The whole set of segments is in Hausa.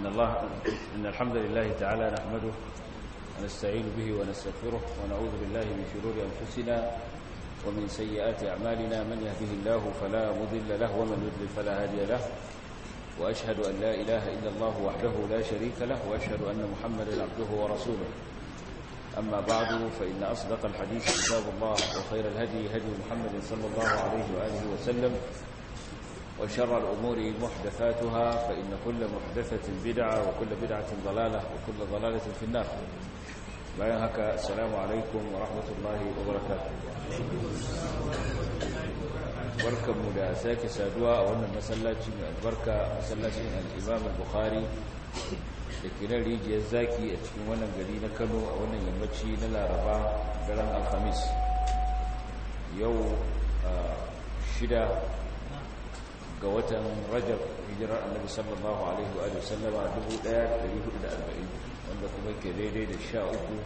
إن الله إن الحمد لله تعالى نحمده ونستعين به ونستغفره ونعوذ بالله من شرور أنفسنا ومن سيئات أعمالنا من يهده الله فلا مضل له ومن يضلل فلا هادي له وأشهد أن لا إله إلا الله وحده لا شريك له وأشهد أن محمدا عبده ورسوله أما بعد فإن أصدق الحديث كتاب الله وخير الهدي هدي محمد صلى الله عليه وآله وسلم وشر الأمور محدثاتها فإن كل محدثة بدعة وكل بدعة ضلالة وكل ضلالة في النار bayan haka assalamu alaikum wa rahmatullahi wa barakatuh barkamu da sake saduwa a wannan masallaci mai albarka masallacin al-Imam al-Bukhari da ke nan rijiyar zaki a cikin wannan gari na Kano a wannan yammaci na Laraba daren Alhamis yau shida ga watan rajab hijirar annabi sallallahu alaihi wa sallama 1440 wanda kuma ke daidai da sha uku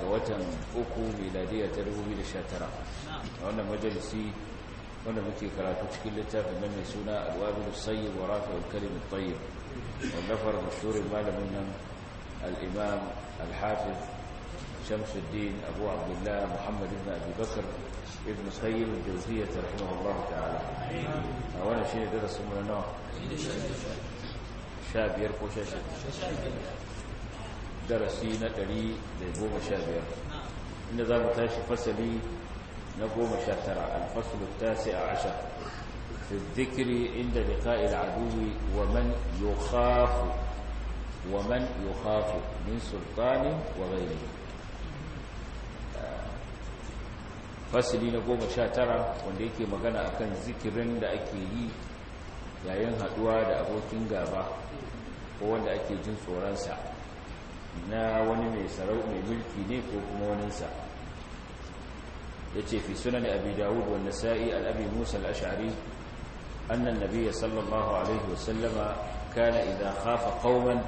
ga watan uku miladiya ta 2019 wannan majalisi wanda muke karatu cikin littafin nan mai suna alwabilu sayyid wa rafi'ul kalimat tayyib wallafar mashurin malamin nan al-imam al-hafiz shamsuddin abu abdullah muhammad ibn abi bakr ابن قيم الجوزية رحمه الله تعالى وانا شيء درس من النوع شاب يركو شاشة درسينا نقري لقوم شاب إن ذا متاشي فصلي نقوم شاترا الفصل التاسع عشر في الذكر عند لقاء العدو ومن يخاف ومن يخاف من سلطان وغيره fasili na goma sha tara wanda yake magana akan zikirin da ake yi yayin haduwa da abokin gaba ko wanda ake jin tsoronsa na wani mai sarau mai mulki ne ko kuma waninsa ya ce fi sunan abi dawud wanda sai al-abi musa al-ash'ari anna an sallallahu alaihi wa sallama kana idha khafa kara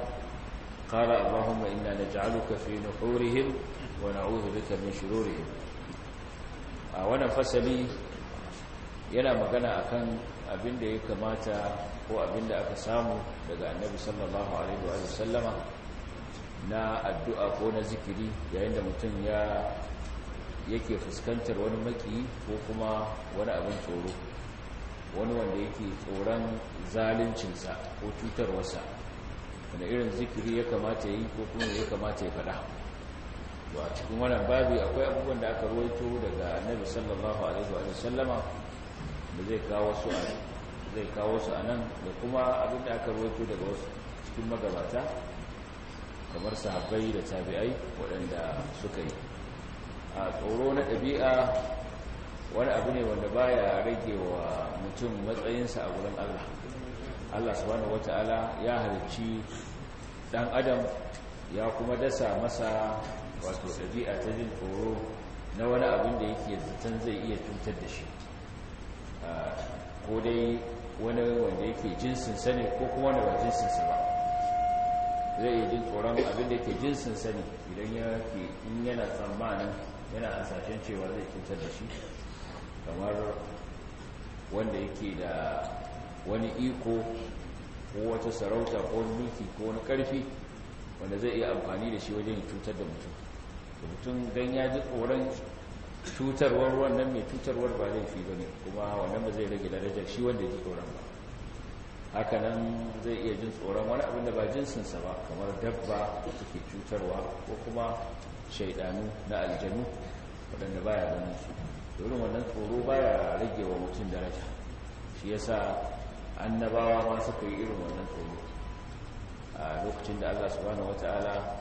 qala allahumma na naj'aluka fi nuhurihim wa na'udhu bika min shururihim a wannan fasali yana magana akan abin da ya kamata ko abin da aka samu daga annabi sallallahu alaihi wa sallama na addu'a ko na zikiri yayin da mutum ya yake fuskantar wani maki ko kuma wani abin tsoro wani wanda yake tsoron zaluncinsa ko cutarwarsa wani irin zikiri ya kamata yi ko kuma ya kamata ya faɗa wa cikin wannan babu akwai abubuwan da aka ruwaito daga annabi sallallahu alaihi wa sallama da zai kawo su a zai kawo su anan da kuma abin da aka ruwaito daga wasu cikin magabata kamar sahabbai da tabi'ai waɗanda suka yi a tsoro na ɗabi'a wani abu ne wanda baya rage wa mutum matsayinsa a wurin Allah Allah subhanahu wata'ala ya halicci ɗan adam ya kuma dasa masa wato ɗabi'a ta jin tsoro na wani abin da yake zaton zai iya cutar da shi ah, ko dai wani wanda yake jinsin sani ko kuma wanda ba jinsin sa ba zai iya jin tsoron abin da yake jinsin sani idan ya ke in yana tsammanin yana hasashen cewa zai cutar da shi kamar wanda yake da wani iko ko wata sarauta ko wani mulki ko wani karfi wanda zai iya amfani da shi wajen cutar da mutum mutum don ya ji tsoron cutarwar wannan mai cutarwar ba zai fi ba ne kuma wannan ba zai rage darajar shi wanda ji tsoron ba hakanan zai iya jin tsoron wani abin da ba jinsinsa ba kamar dabba da take cutarwa ko kuma shaidanu na aljanu waɗanda baya ganin su domin wannan tsoro baya rage wa mutum daraja shi yasa annabawa ma suka yi irin wannan tsoro a lokacin da allah subhanahu wataala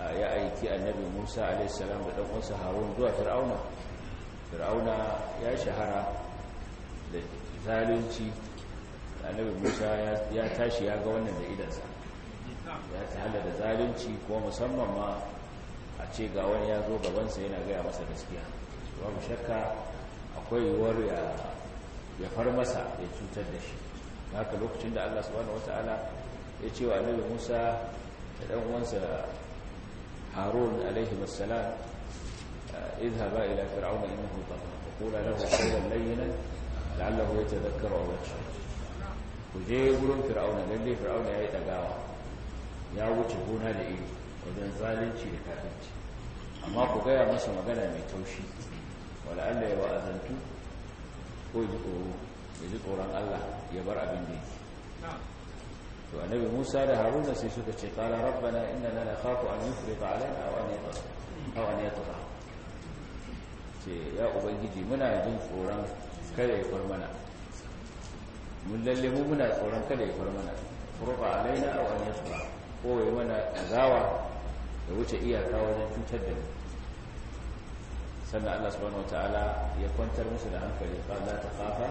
ya aiki annabi musa alaihissalam da ɗan harun zuwa fir'auna fir'auna ya shahara da zalunci annabi musa ya tashi ya ga wannan da idansa ya tahala da zalunci kuma musamman ma a ce ga wani ya zo gabansa yana gaya masa gaskiya babu shakka akwai yiwuwar ya far masa ya cutar da shi haka lokacin da allah subhanahu wata'ala ya ce wa annabi musa da ɗan uwansa هارون عليه السلام اذهبا إلى فرعون إنه طغى فقولا له قولا لينا لعله يتذكر أو يخشى kuje wurin fir'auna lalle fir'auna ya yi ɗagawa ya wuce gona da iri wajen zalunci da kafinci amma ku gaya masa magana mai taushi wala Allah ya wa'azantu ko ji tsoro ya ji tsoron Allah ya bar abin da to annabi Musa da Haruna sai suka ce qala rabbana innana nakhafu an yufrita alaina aw an yatgha aw an yatgha ce ya ubangiji muna jin tsoron kada ya far mana mun lalle mu muna tsoron kada ya far mana furqa alaina aw an yatgha ko ya mana azawa da wuce iyaka wajen cutar da mu sannan Allah subhanahu wataala ya kwantar musu da hankali qala ta khafa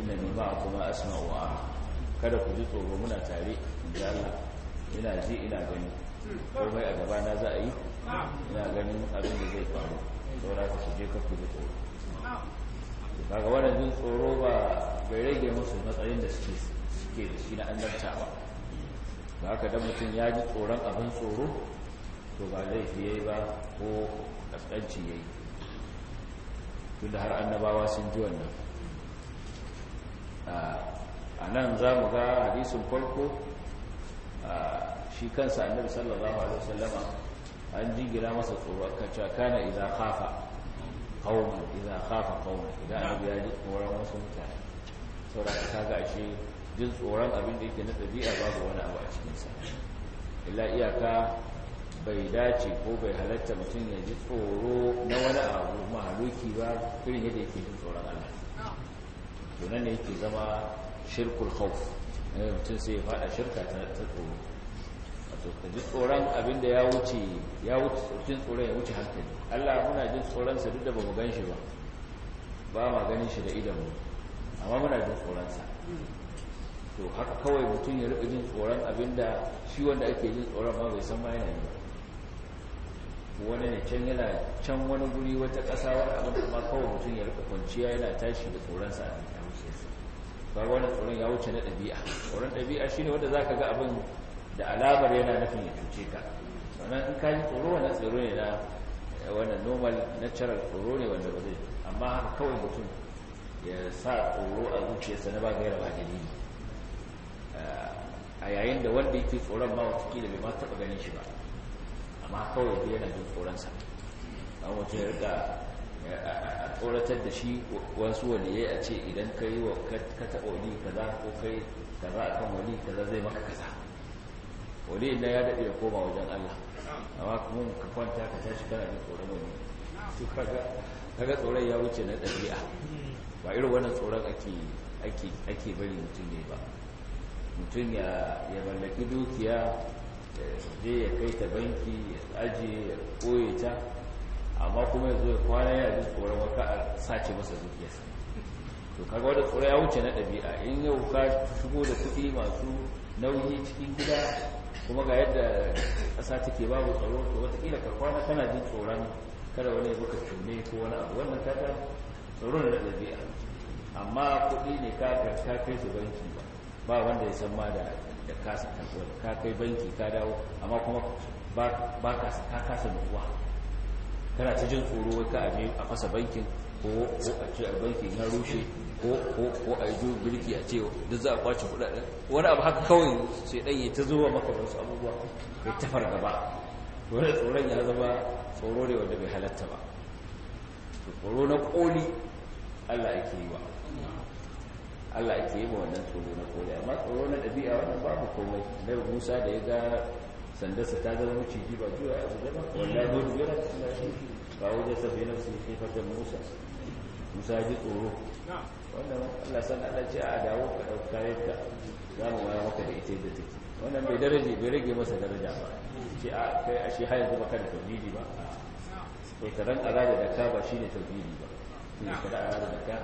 innani ma'akuma asma'u wa ara kada ku ji tsoro muna tare inda Allah ina ji ina gani komai a gaba na za a yi ina ganin abin da zai faru saboda ka je ka ku ji tsoro ga wannan jin tsoro ba bai rage musu matsayin da suke suke da shi na annabta ba ba haka da mutum ya ji tsoron abin tsoro to ba zai fiye ba ko kaskanci yayi tunda har annabawa sun ji wannan ah, a nan za mu ga hadisin farko shi kansa annabi sallallahu alaihi wasallama an jingira masa tsoro aka cewa kana idza khafa qauman idza khafa qauman idan abu ya ji tsoron wasu mutane saboda ga shi. jin tsoron abin da yake na dabi'a babu wani abu a cikin sa illa iyaka bai dace ko bai halatta mutum ya ji tsoro na wani abu mahaluki ba irin yadda yake jin tsoron Allah to nan ne yake zama shirkul khawf yana eh, mutum sai ya fada shirka ta tsoro wato ka ji tsoron abinda ya wuce ya wuce jin tsoron ya wuce hankali Allah muna jin tsoron sa duk da bamu gan shi ba ba ma ganin shi da idanu amma muna jin tsoron sa to haka kawai mutum ya rika jin tsoron abinda shi wanda ake jin tsoron ba bai san ma yana ba wani ne can yana can wani guri wata ƙasa wani abin da ma kawai mutum ya rika kwanciya yana tashi da tsoron sa a zuciyarsa ba wani tsoron ya wuce na ɗabi'a tsoron ɗabi'a ne wanda za ka ga abin da alamar yana nufin ya cuce ka sannan in ka tsoro wani tsoro ne na eh, wani normal natural tsoro ne wanda wani amma haka kawai mutum ya sa tsoro a zuciyarsa na ba gaira ba dalili eh, a yayin da wanda yake tsoron ma watakila bai ma taɓa ganin shi ba amma kawai yana jin tsoronsa a mutum ya riga a tsoratar da shi wasu waliyai a ce idan ka yi wa ka taɓa wali kaza ko kai ka za a kan wali kaza zai maka kaza wani inda ya daɗe da koma wajen Allah amma kuma ka kwanta ka tashi kana da tsoron wani su kaga tsoron ya wuce na ɗabi'a ba irin wannan tsoron ake bari mutum ne ba mutum ya mallaki dukiya je ya kai ta banki ya ajiye ya koye ta amma kuma ya zo ya kwana ya ji tsoron waka a sace masa dukiyarsa to kaga wanda tsoro ya wuce na ɗabi'a in yau ka shigo da kuɗi masu nauyi cikin gida kuma ga yadda ƙasa take babu tsaro to watakila ka kwana kana jin tsoron kada wani baka tunne ko wani abu wannan kaga tsoro na ɗabi'a amma kuɗi ne ka karka su banki ba ba wanda ya san ma da da kasa ka kai banki ka dawo amma kuma ba ka kasa nufuwa kana ta jin tsoro ka a fasa bankin ko a ce a bankin ya rushe ko a yi birki a cewa duk za a kwace kudaden wani abu haka kawai sai dan yi ta zuwa maka wasu abubuwa mai tafar gaba wani tsoron ya zama tsoro ne wanda bai halatta ba tsoro na koli allah ake yi wa allah ake yi wa wannan tsoro na koli amma tsoro na ɗabi'a wannan babu komai na musa da ya ga sandarsa ta zama maciji ba juya a zuwa ba wanda ya zuwa da suna shi ba wajen safi na su ke fatan musa musa ji tsoro wannan allah san allah ce a dawo ka dauka yadda za mu wara maka da ita yadda take wannan bai daraje bai rage masa daraja ba ce a kai a shi hayar zuba kada da tauhidi ba bai karan alada da ka ba ne tauhidi ba ne kada alada da ka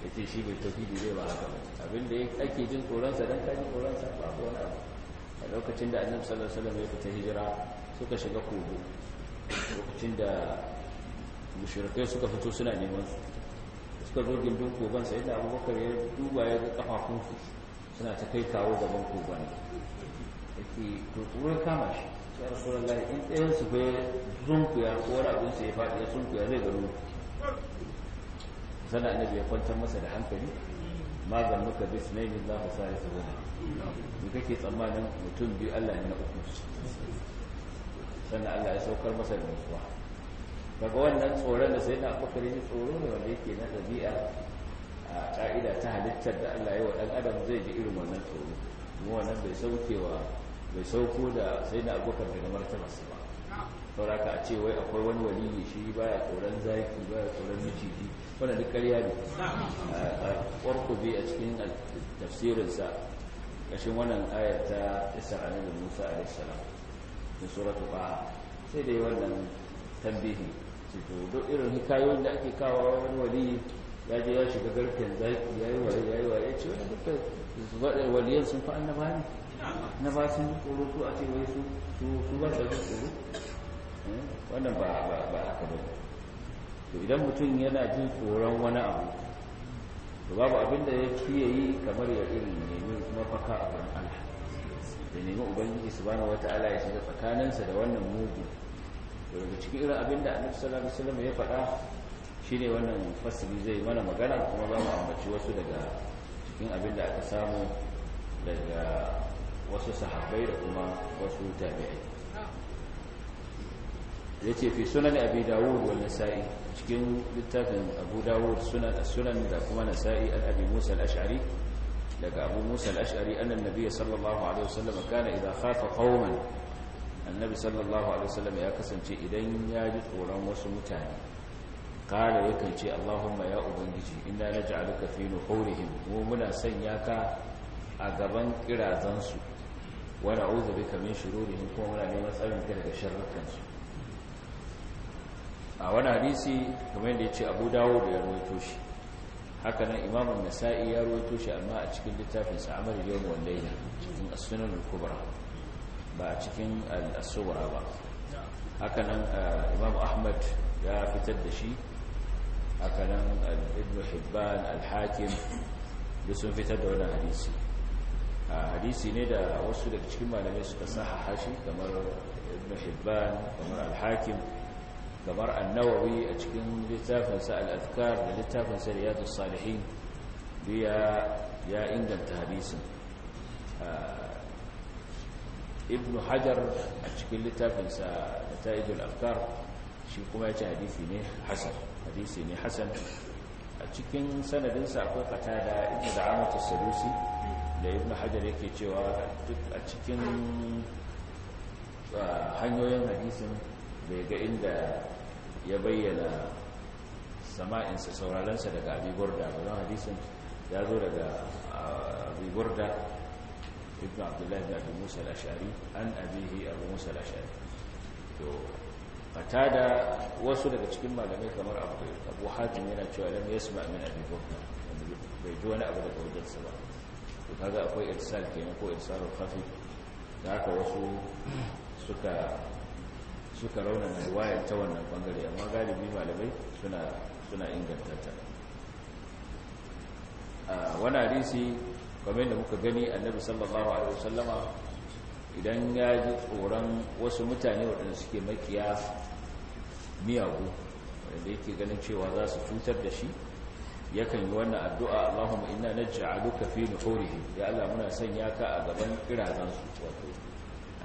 ya ce shi bai tauhidi zai ba haka abinda ake jin tsoronsa don ka ji tsoronsa ba wani abu a lokacin da annabi sallallahu alaihi wasallam ya fita hijira suka shiga kogo lokacin da mushrikai suka fito suna neman su suka zo gindin kogon sai da abubakar ya duba ya ga kafafunsu suna ta kai kawo gaban kogon yake tutuwar kama shi ya rasulullah in ɗayan su bai zunkuya ko wani abin su ya faɗi ya zunkuya zai gano sana annabi ya kwantar masa da hankali ma zan muka bisnaini Allah sallallahu alaihi wasallam da kake tsammanin mutum biyu Allah ne na uku sannan Allah ya saukar masa da mutuwa daga wannan tsoron da sai na kwakwari ne tsoro ne wanda yake na ɗabi'a a ƙa'ida ta halittar da Allah ya wa ɗan adam zai ji irin wannan tsoro kuma wannan bai saukewa bai sauko da sai na abokan daga su ba sauraka a ce wai akwai wani waliyi shi baya tsoron zaki baya tsoron miciji wannan duk ƙarya ne a ƙwarƙube a cikin tafsirinsa kashin wannan ayar ta isar annabi musa alaihissalam da suratu ba sai dai wannan tambihi su to duk irin hikayoyin da ake kawo wani wali ya je ya shiga garken zaki ya yi waye ya yi ya ce wani dukkan waɗanda waliyan sun fi annaba ne na ba sun ji tsoro a ce wai su su ba su koro eh, wannan ba haka ba to idan mutum yana jin tsoron wani abu to babu abin da ya fiye yi kamar ya irin nemi mafaka a wurin al'a da nemi ubangiji wata wataala ya shiga tsakaninsa da wannan mugu daga cikin irin abin da annabi sallallahu alaihi wasallam ya faɗa shi ne wannan fasili zai mana magana kuma za mu ambaci wasu daga cikin abin da aka samu daga wasu sahabbai da kuma wasu tabi'ai ya ce fi sunan abi dawud wa nasa'i cikin littafin abu dawud sunan sunan da kuma nasa'i al-abi musa al-ash'ari daga abu musa al'ashari annan nabiya sallallahu alaihi wasallam kana idza khafa qauman annabi sallallahu alaihi wasallam ya kasance idan ya ji tsoron wasu mutane kala yakan ce allahumma ya ubangiji inna naj'aluka fi nuhurihim mu muna sanya ka a gaban kirazansu wa na'udhu bika min shururihim kuma muna neman tsarin ka daga sharrukansu a wani hadisi kamar yadda ya ce abu dawo da ya rawaito shi haka nan imamun nasa'i ya rawaito shi amma a cikin littafin sa'amar yawon wallaila cikin as al-kubra ba a cikin al-sughra ba haka nan eh, imamu ahmad ya fitar da shi haka nan ibn hibban al-hakim sun fitar da wannan hadisi hadisi ne da wasu daga cikin malamai suka sahaha shi kamar ibn hibban kamar al-hakim kamar annawawi a cikin littafinsa al'afkar da littafinsa riyatu salihin biya ya inganta hadisin ibn hajar a cikin littafinsa da ta'idul afkar shi kuma ya ce hadisi ne hasan hadisi ne hasan a cikin sanadinsa akwai kata da ibn da'amatu sadusi da ibn hajar yake cewa duk a cikin hanyoyin hadisin bai ga inda ya bayyana sama'insa sauralansa daga abiburda wannan hadisun ya zo daga ah, abiburda ibn abdullahi da abu musa al an abihi abu musa al to kata da wasu daga cikin malamai kamar abu hajjin yana cewa lam yasma min abiburda bai ji wani abu daga wajensa ba to kaga akwai irsal kenan ko irsalul khafi da aka wasu suka suka na riwayar ta wannan bangare amma galibi malamai suna inganta ta a wani hadisi kamar da muka gani annabi sallallahu alaihi wasallama idan ya ji tsoron wasu mutane waɗanda suke makiya miyagu waɗanda yake ganin cewa za su cutar da shi yakan yi wannan addu'a Allahumma inna na ja'aluka fi nuhurihi ya Allah muna sanya ka a gaban kirazansu wato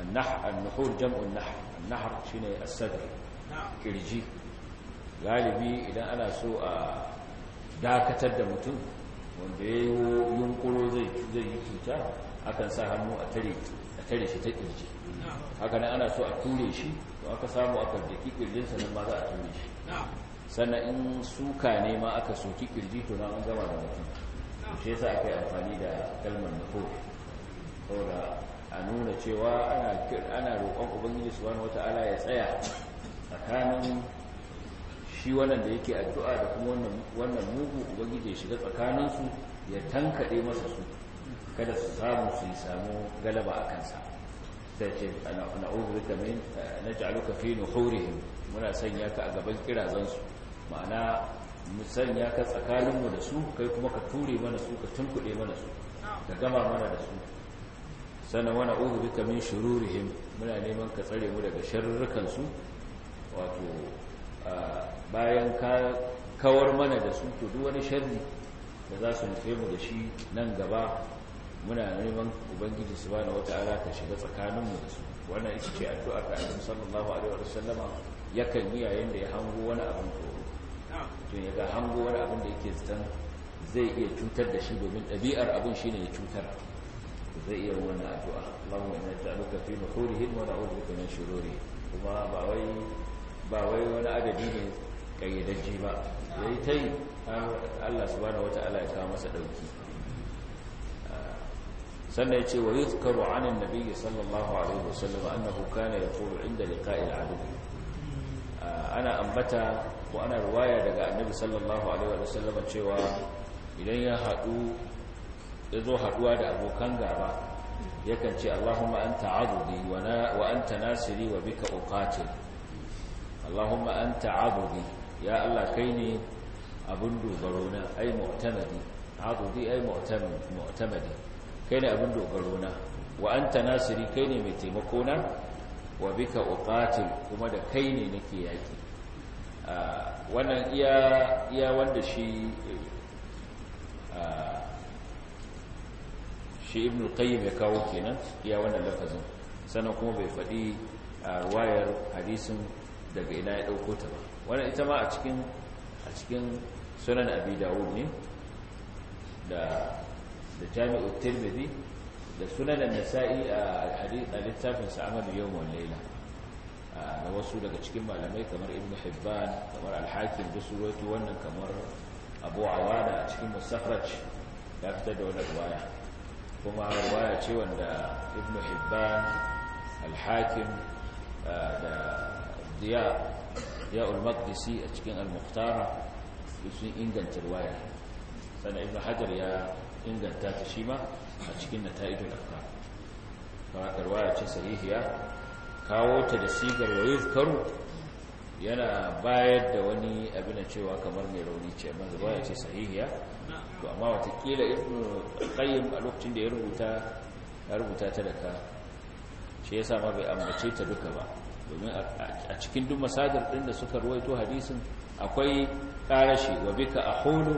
an-nah an-nuhur jam'un nah nahar shine as-sadr kirji galibi idan ana so a dakatar da mutum wanda ya yi yunkuro zai yi cuta akan sa hannu a tare shi ta kirji haka ana so a ture shi to aka samu aka daki kirjinsa nan ma za a ture shi sannan in suka ne ma aka soki kirji to na an gama da mutum shi yasa aka yi amfani da kalmar nufo saboda cewa ana roƙon ubangiji subhanahu wata'ala ya tsaya tsakanin shi wannan da yake addu'a da kuma wannan mugu ubangiji ya shiga su ya tankade masa su kada su samu su samu galaba a kansa sai ce na'udhu bika min eh, naj'aluka fi nuhurihim muna sanya ka a gaban kirazansu ma'ana mu sanya ka mu da su kai kuma ka ture mana su ka tunkuɗe mana su ka gama mana da su sana wani ugu duka min shururihim muna neman ka tsare mu daga sharurrukansu wato bayan kawar mana da su to duk wani sharri da za su nufe mu da shi nan gaba muna neman ubangiji subhanahu wata'ala ka shiga tsakaninmu da su wannan ita ce addu'ar ka annabi sallallahu alaihi wa sallama yakan yi yayin da ya hango wani abin tsoro to ya ga hango wani abin da yake zitan zai iya cutar da shi domin ɗabi'ar abin shine ya cutar zai iya wannan addu'a Allahumma inna nas'aluka fi nuhurihim wa na'udhu bika min shururihim kuma ba wai ba wai wani adadi ne kayyadajji ba ta yi Allah subhanahu wata'ala ya kawo masa ɗauki. sannan ce wa yuzkaru 'ala na nabiy sallallahu alaihi wasallam annahu ya yaqulu 'inda liqa'i al-'adw ana ambata ko ana ruwaya daga annabi sallallahu alaihi wasallam cewa idan ya haɗu ya zo haduwa da abokan gaba yakan ce Allahumma anta abudi wa anta nasiri wa bika uqatil Allahumma anta abudi ya Allah kai ne abin dogaro na ai mu'tamadi abudi ai mu'tamadi kai ne abun dogaro na wa anta nasiri kai ne mai taimako na wa bika uqatil kuma da kai ne nake yaki ah, wannan iya iya wanda shi eh, ah, shi ibn qayyim ya kawo kenan iya wannan lafazin sannan kuma bai faɗi a ruwayar hadisin daga ina ya ɗauko ta ba wannan ita ma a cikin a cikin sunan abi dawud ne da da jami'ut tirmidhi da sunan an-nasa'i a littafin sa amal yawm wal layla da wasu daga cikin malamai kamar ibn hibban kamar al-hakim da suratu wannan kamar abu awada a cikin musakhraj ya fitar da wannan ruwaya kuma ruwaya ce wanda ibn hibban al-hakim eh, da diya ya al a cikin al-muqtara sun inganta ruwaya sannan ibn hajar ya inganta ta shi ma a cikin nata'ijul afkar kuma ruwaya ce sahihiya kawo ta da sigar wa yuzkaru yana bayar da wani abin cewa kamar mai rauni ce amma ruwaya ce sahihiya to amma watakila ibn qayyim a lokacin da ya rubuta ya rubuta ta daga shi yasa ma bai ambace ta duka ba domin a cikin duk masadar din da suka ruwaito hadisin akwai karashi wa bika ahulu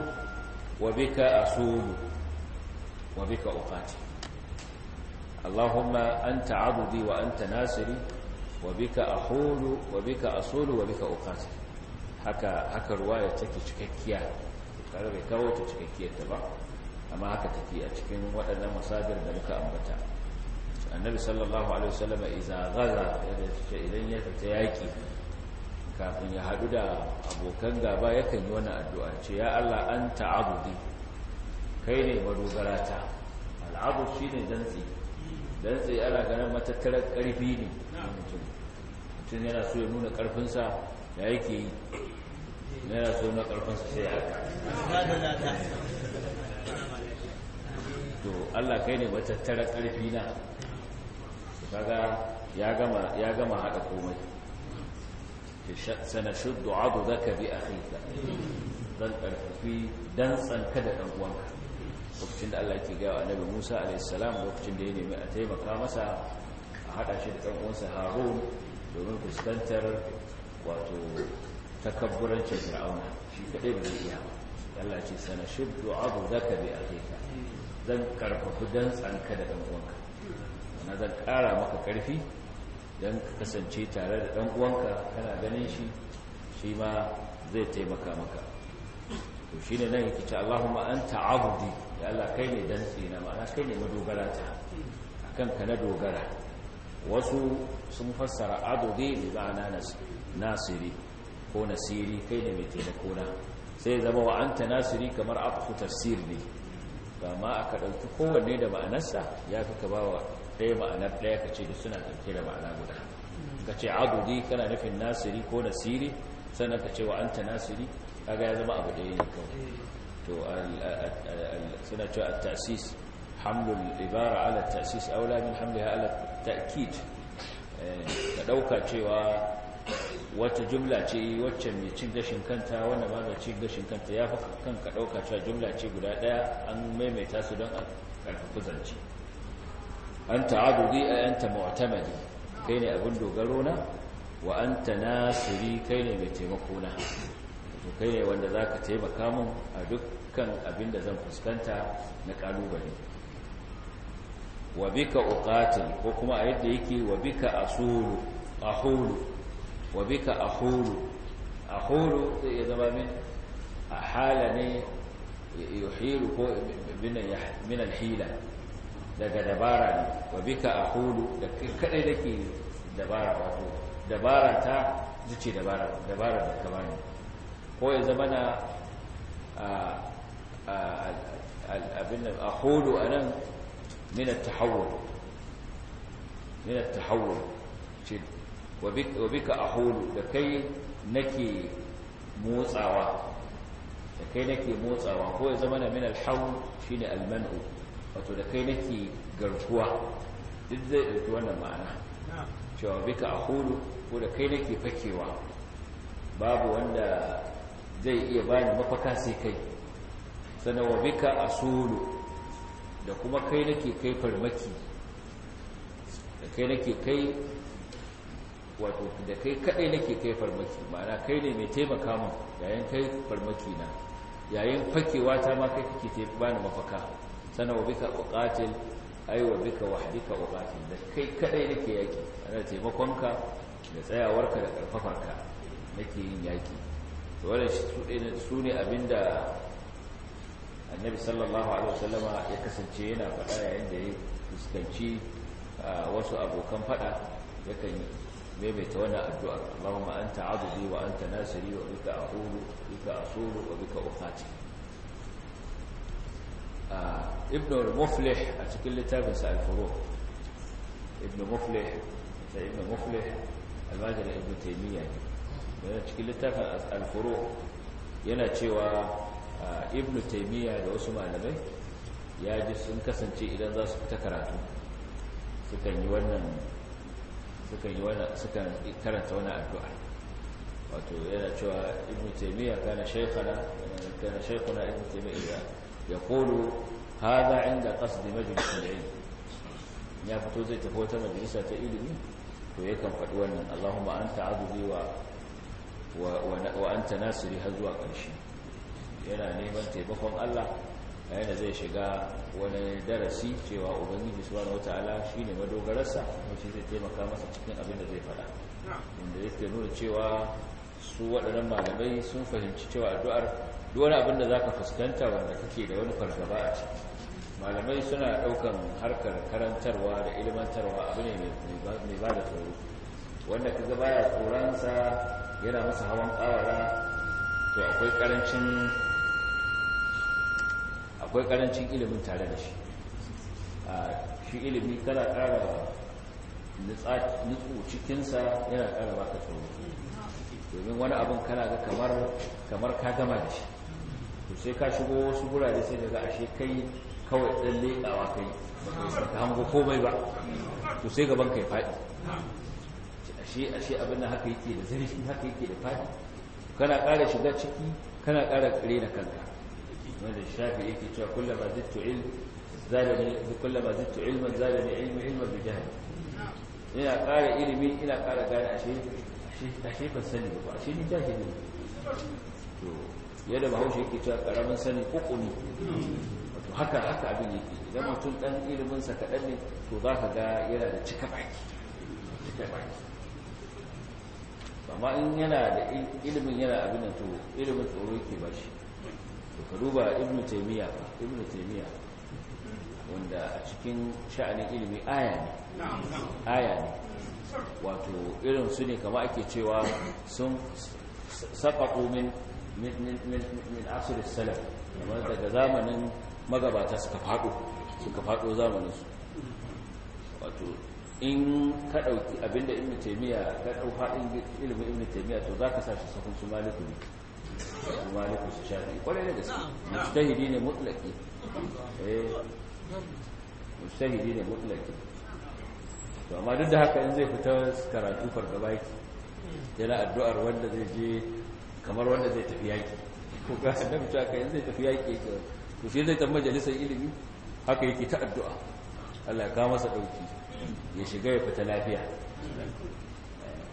wa bika asulu wa bika uqati Allahumma anta abudi wa anta nasiri wa bika ahulu wa bika asulu wa bika uqati haka haka ruwaya take cikakkiya kare bai kawo ta cikakkiyar ta ba amma haka take a cikin waɗannan masajir da muka ambata annabi sallallahu alaihi wasallam idan gaza idan ya fita yaki kafin ya hadu da abokan gaba yakan yi wani addu'a ce ya Allah an ta'abudi kai ne madogarata al'abu shine dantse dantse ana ganin matattarar karfi ne mutum yana so ya nuna ƙarfinsa da yake yi yana so na karfansa sai ya haka to allah kai ne matattara karfi na kaga ya gama ya gama hada komai sanashuddu ka bi akhika zan karfafi dan tsanka da dan lokacin da Allah yake ga annabi Musa alayhi lokacin da ya nemi a taimaka masa a haɗa shi da ɗanuwansa Harun domin fuskantar wato takabburancin fir'auna shi kadai ba zai iya ba Allah ce sana shuddu abu zaka bi akika zan karfafi dan tsanka da dan uwanka na zan kara maka karfi dan ka kasance tare da dan uwanka kana ganin shi shi ma zai taimaka maka to shine nan yake ce Allahumma anta abdi ya Allah kai ne dan tsina ma'ana kai ne madogara ta akan ka na dogara wasu sun fassara abdi bi ma'ana nasiri ko nasiri kai da mai taimakona sai zama wa'anta nasiri kamar abu tafsir ne ma aka ɗauki kowanne da ma'anarsa ya fi ka ba wa ɗaya ma'anar ɗaya ka ce da suna ɗauke da ma'ana guda ka ce agudi kana nufin nasiri ko nasiri sannan ka ce wa anta nasiri kaga ya zama abu ɗaya ne kawai to suna cewa a tasis hamlul ibara ala tasis aula min ala ta'kid eh, ka ɗauka cewa wata jumla ce wacce mai cin gashin kanta wanda ba cin gashin kanta ya fi ka ɗauka cewa jumla ce guda ɗaya an maimaita su don a ƙarfafi zance an ta'adudi a yanta mu'tamadi kai ne abin dogaro na wa an ta nasiri kai ne mai taimako na to kai ne wanda za ka taimaka min a dukkan abin da zan fuskanta na ƙalubale wa bika uqatil ko kuma a yadda yake wa bika asulu ahulu وبك أقول من حالني يحيل من الحيلة لك دبارة وبك أقول كأن لك دبارة دبارة تجي دبارة دبارة كمان هو زمان آه، آه، أقول أنا من التحول من التحول wa bika ahulu da kai nake motsawa da kai nake motsawa ko ya zama na min shi shine almanu wato da kai nake garkuwa duk zai dauki wannan ma'ana cewa bika ahulu ko da kai nake fakewa babu wanda zai iya bani mafaka sai kai sannan wa bika asulu da kuma kai nake kai farmaki da kai nake kai wato da kai kadai nake kai farmaki ma'ana kai ne mai taimaka min yayin kai farmaki na yayin fakewa ta ma kai kake ba ni mafaka sana wa bika uqatil ai wa bika wahdika uqatil da kai kadai nake yaki ana taimakonka da tsayawarka da karfafarka nake yin yaki to wannan su ne abinda annabi sallallahu alaihi wasallam ya kasance yana faɗa yayin da ya fuskanci wasu abokan faɗa yakan بيت وانا أدعو اللهم انت عبدي وانت ناصري وبك اقول بك اصول وبك اخاتي آه، ابن المفلح اشكل كتاب الفروق ابن مفلح ابن مفلح الواجب ابن تيميه يعني اشكل كتاب الفروق yana cewa ibn taymiya da wasu malamai ya ji sun kasance idan za su fita karatu sukan suka yi wani suka karanta wannan addu'a wato yana cewa ibn taymiya kana shaykhana kana shaykhuna ibn taymiya yaqulu hadha inda qasd majlis al-ilm ya fito zai tafi wata majalisa ta ilimi to ya kan faɗi wannan Allahumma anta azbi wa an anta nasiri har zuwa ƙarshe yana neman taimakon Allah yayin da zai shiga wani darasi cewa ubangiji subhanahu wataala shine madogararsa wacce zai taimaka masa cikin abin da zai faɗa inda yake nuna cewa su waɗannan malamai sun fahimci cewa addu'ar duk wani abin da za ka fuskanta wanda kake da wani fargaba a ciki malamai suna ɗaukan harkar karantarwa da ilmantarwa abu ne mai ba da tsoro wanda ka baya tsoronsa yana masa hawan ƙawara to akwai ƙarancin akwai karancin ilimin tare da shi shi ilimi kana kara nutsu cikinsa yana kara baka tsoro domin wani abin kana ga kamar kamar ka gama da shi to sai ka shigo wasu gurare sai daga ashe kai kawai ɗan leƙawa kai ka hango komai ba to sai gaban kai faɗi ashe ashe abin da haka yake da zarafi haka yake da faɗi kana ƙara shiga ciki kana ƙara kare na kanka wanda shafi yake cewa kullama zittu ilm zalani kullama zittu ilman zalani ilmu ilman bi jahl ina ƙara ilimi ina ƙara gane ashe ashe ban sani ba ashe ni jahili to yadda bahaushe yake cewa karamin sani kokuni wato haka haka abin yake idan mutum dan ilimin sa kadan ne to za ka ga yana da cika baki cika baki amma in yana da ilimin yana abin da to ilimin tsoro yake ba shi ka duba ibn taymiya ibn taymiya wanda a cikin sha'anin ilimi aya ne aya ne wato irin su ne kama ake cewa sun saqatu min min min salaf kamar daga zamanin magabata suka fado suka fado zamanin su wato in ka dauki abinda ibn taymiya ka dauka ilimin ibn taymiya to zaka sashi sahun su maliku ne malik shafi kwarai da gaske mujtahidi ne mutlaki eh mujtahidi ne mutlaki to amma duk da haka in zai fita karatu fargaba yake yana addu'ar wanda zai je kamar wanda zai tafi yaki ko ga zai tafi yaki yake zai majalisar ilimi haka yake ta addu'a Allah ya kama sa dauki ya shiga ya fita lafiya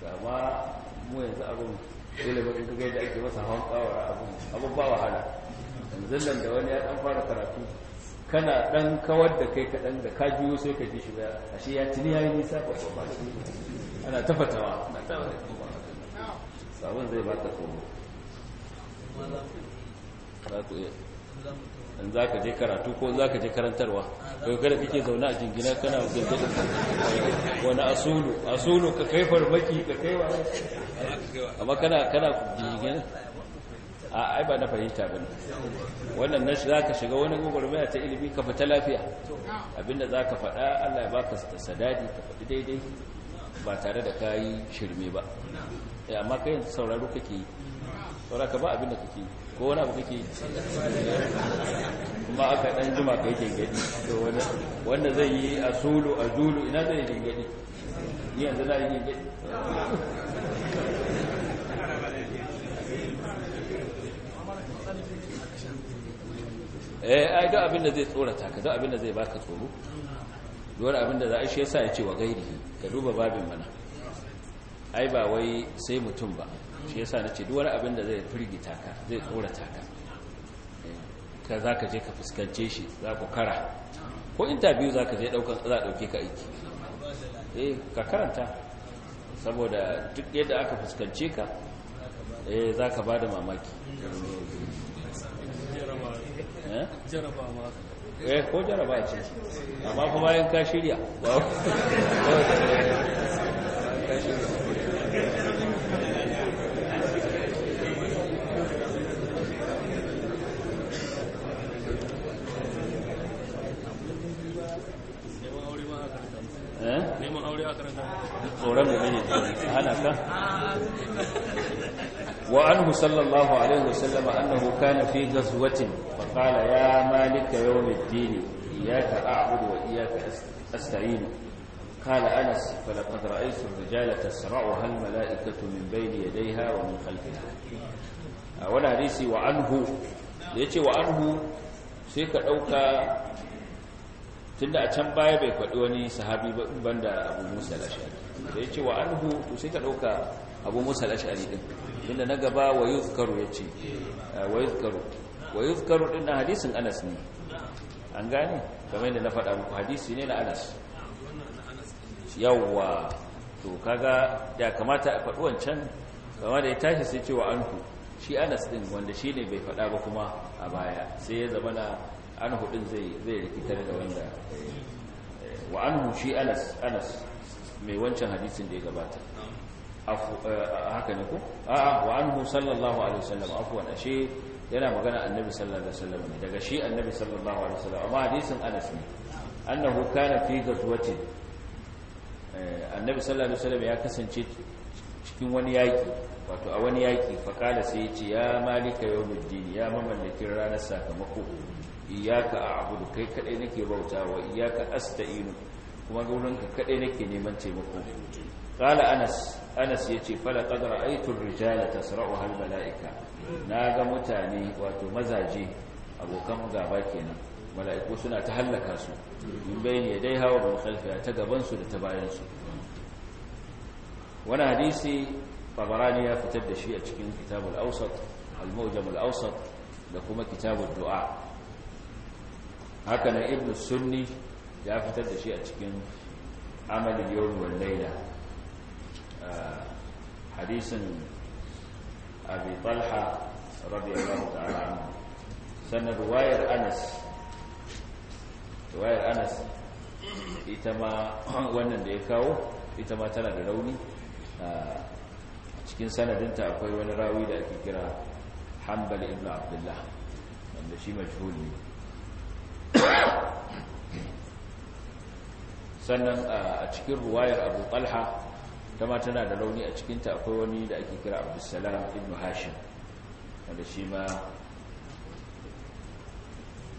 amma mu yanzu abin dole ba duk da ake masa hawan kawara abu abu ba wahala zallan da wani ya dan fara karatu kana dan kawar da kai ka dan da ka biyo sai ka ji shi ba ashe ya tuni yayi nisa ba ba ana tafatawa sabon zai ba tsoro komo ku in za ka je karatu ko za ka je karantarwa ko kada kake zaune a jingina kana gaggadin wani asulu asulu ka kai farmaki ka kai wa amma kana kana jigin a ai ba na fahimta ba wannan na za ka shiga wani gwagwarmaya ta ilimi ka fita lafiya abinda za ka faɗa allah ya baka sadadi ka faɗi daidai ba tare da ka yi shirme ba eh, amma kai sauraro kake yi saura ka ba abinda kake yi ko wani abu kake yi kuma aka ɗan jima ka yi gengadi wanda zai yi a solo a ina zai yi ni yanzu za yi gengadi eh ai duk abin da zai tsorata ka duk abin da zai baka tsoro duwar abin da za a shi yasa ya ce wa gairi ka duba babin mana ai ba wai sai mutum ba shi yasa na ce duwar abin da zai firgita ka zai tsorata ka eh, ka za ka je ka fuskance shi za ku kara ko interview za ka je ɗauke ka aiki eh ka karanta saboda duk yadda aka fuskance ka eh za ka ba da mamaki Eh? eh ko jaraba ce amma kuma yin ka shirya ba ka shirya tsoron da ne hana ka wa anhu sallallahu alaihi wasallam annahu kana fi ghazwatin fa qala ya malik yawmiddin iyyaka a'budu wa iyyaka asta'in قال أنس فلقد رأيت الرجال تسرعها الملائكة من بين يديها ومن خلفها ولا ريسي وعنه ليتي وعنه sai ka ɗauka tunda a can baya bai kwaɗi wani sahabi ban da abu musa lashari da ya ce wa anhu to sai ka ɗauka abu musa lashari ɗin din tunda na gaba wa yuzkaru ce eh, wa yuzkaru wa yuzkaru ɗin na hadisin Anas ne an gane kamar yadda na faɗa muku hadisi ne na Anas yawwa to kaga ya kamata a faɗi wancan kamar da ya tashi sai ce wa anhu shi Anas ɗin wanda shi ne bai faɗa ba kuma a baya sai ya zama na anhu din zai rikitar da wanda wa anhu shi anas anas mai wancan hadisin da ya gabata haka ne ko a'a wa anhu sallallahu alaihi wasallam afwan ashe yana magana annabi sallallahu alaihi wasallam ne daga shi annabi sallallahu alaihi wasallam amma hadisin anas ne annahu kana fi ghazwati annabi sallallahu alaihi wasallam ya kasance cikin wani yaki wato a wani yaki fa kala sai ya ce ya malika yawmiddin ya mamallakin ranar sakamako iyaka a abudu kai kadai nake bautawa iyaka asta'inu kuma gurinka kadai nake neman taimako qala anas anas yace fala qad ra'aytu ar-rijala tasra'uha al-mala'ika naga mutane wato mazaje abokan gaba kenan mala'iku suna ta hallaka su in bayni yadai hawa bin khalfiya ta gaban su da ta bayan su wani hadisi tabarani ya fitar da shi a cikin kitabul awsat al-mujam al-awsat da kuma kitabud du'a haka nan ibn sunni ya fitar da shi a cikin amalin yawon wallaila ah, hadisin abi talha radiyallahu ta'ala anhu sannan ruwayar anas ruwayar anas ita ma wannan da ya kawo ita ma tana da rauni ah, a cikin sanadinta akwai wani rawi da ake kira hanbal ibn abdullah wanda shi majhuli ne sannan a cikin ruwayar abu talha ta ma tana da rauni a cikinta akwai wani da ake kira abdussalam ibn hashim wanda shi ma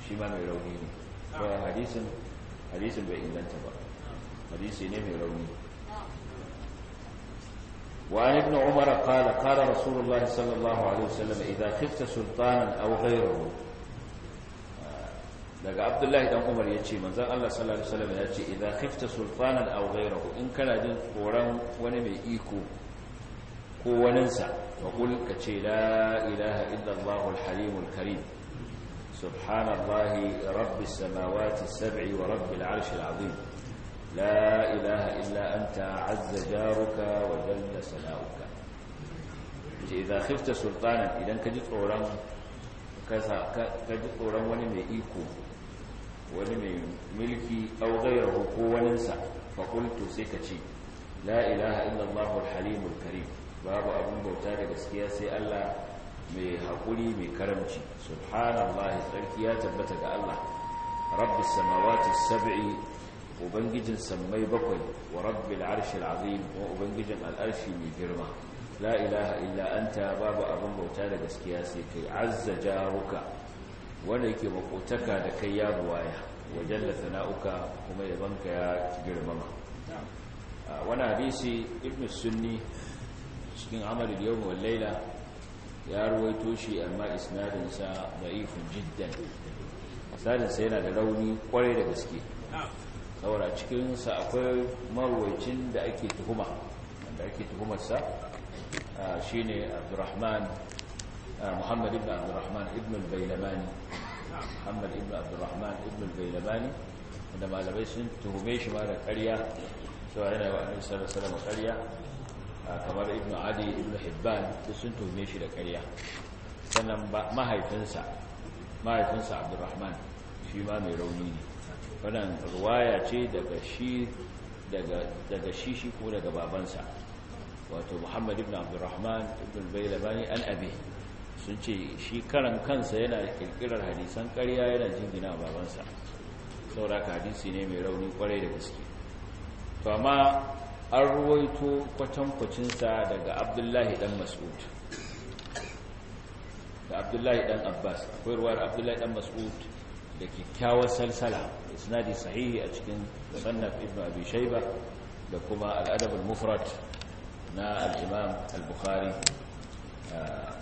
shi ma mai rauni ne kawai hadisin hadisin bai inganta ba hadisi ne mai rauni وعن ابن عمر قال قال رسول الله صلى الله عليه وسلم إذا خفت سلطانا أو غيره daga abdullahi dan umar ya ce manzan allah sallallahu alaihi wasallam ya ce idan khifta sulfanan aw ghayrahu in kana jin tsoron wani mai iko ko waninsa wa qul ka ce la ilaha illa allah al karim subhanallahi rabbis samawati sab'i wa rabbil arshil azim la ilaha illa anta azza jaruka wa jalla sana'uka idan khifta sulfanan idan ka ji tsoron ka ji tsoron wani mai iko wani mai mulki aw ghayruhu ko waninsa fakultu sai ka ce la ilaha illallah allah alhalimul karim babu abun bauta da gaskiya sai allah mai hakuri mai karamci subhanallahi tsarki ya tabbata ga allah rabbis samawati sab'i ubangijin samai bakwai wa rabbil arshil azim wa ubangijin al'arshi mai girma la ilaha illa anta babu abun bauta da gaskiya sai kai azza jaruka wanda yake makotaka da kai ya ruwaya wajen da sana'uka kuma ya banka ya girmama wani hadisi ibn sunni cikin amalin yau laila ya ruwaito shi amma isnadinsa da'ifun jiddan isnadinsa yana da rauni kwarai da gaske saboda cikinsa akwai marwacin da ake tuhuma da ake tuhumarsa ne abdurrahman آه، محمد بن عبد الرحمن ابن البيلماني محمد بن عبد الرحمن ابن البيلماني عندما لبسن تهميش مارا قرية سواء هنا وعن الله عليه وسلم قرية آه، كمار ابن عدي ابن حبان تسن تهميش لقرية سنم ما هي فنسا ما هي فنسا عبد الرحمن شي ما ميرونيني فنن رواية شي دقا شي دقا شي شي كورا دبابنسا وتو محمد بن عبد الرحمن ابن البيلماني أن أبيه sun ce shi karan kansa yana kirkirar hadisan ƙarya yana jingina babansa sauraka hadisi ne mai rauni kwarai da gaske to amma an ruwaito kwatankwacinsa daga abdullahi dan mas'ud da abdullahi dan abbas akwai ruwar abdullahi dan mas'ud da kyakkyawar salsala sinadi sahihi a cikin sannan ibnu abi shaiba da kuma al mufrat al-mufrad na al al-bukhari ah,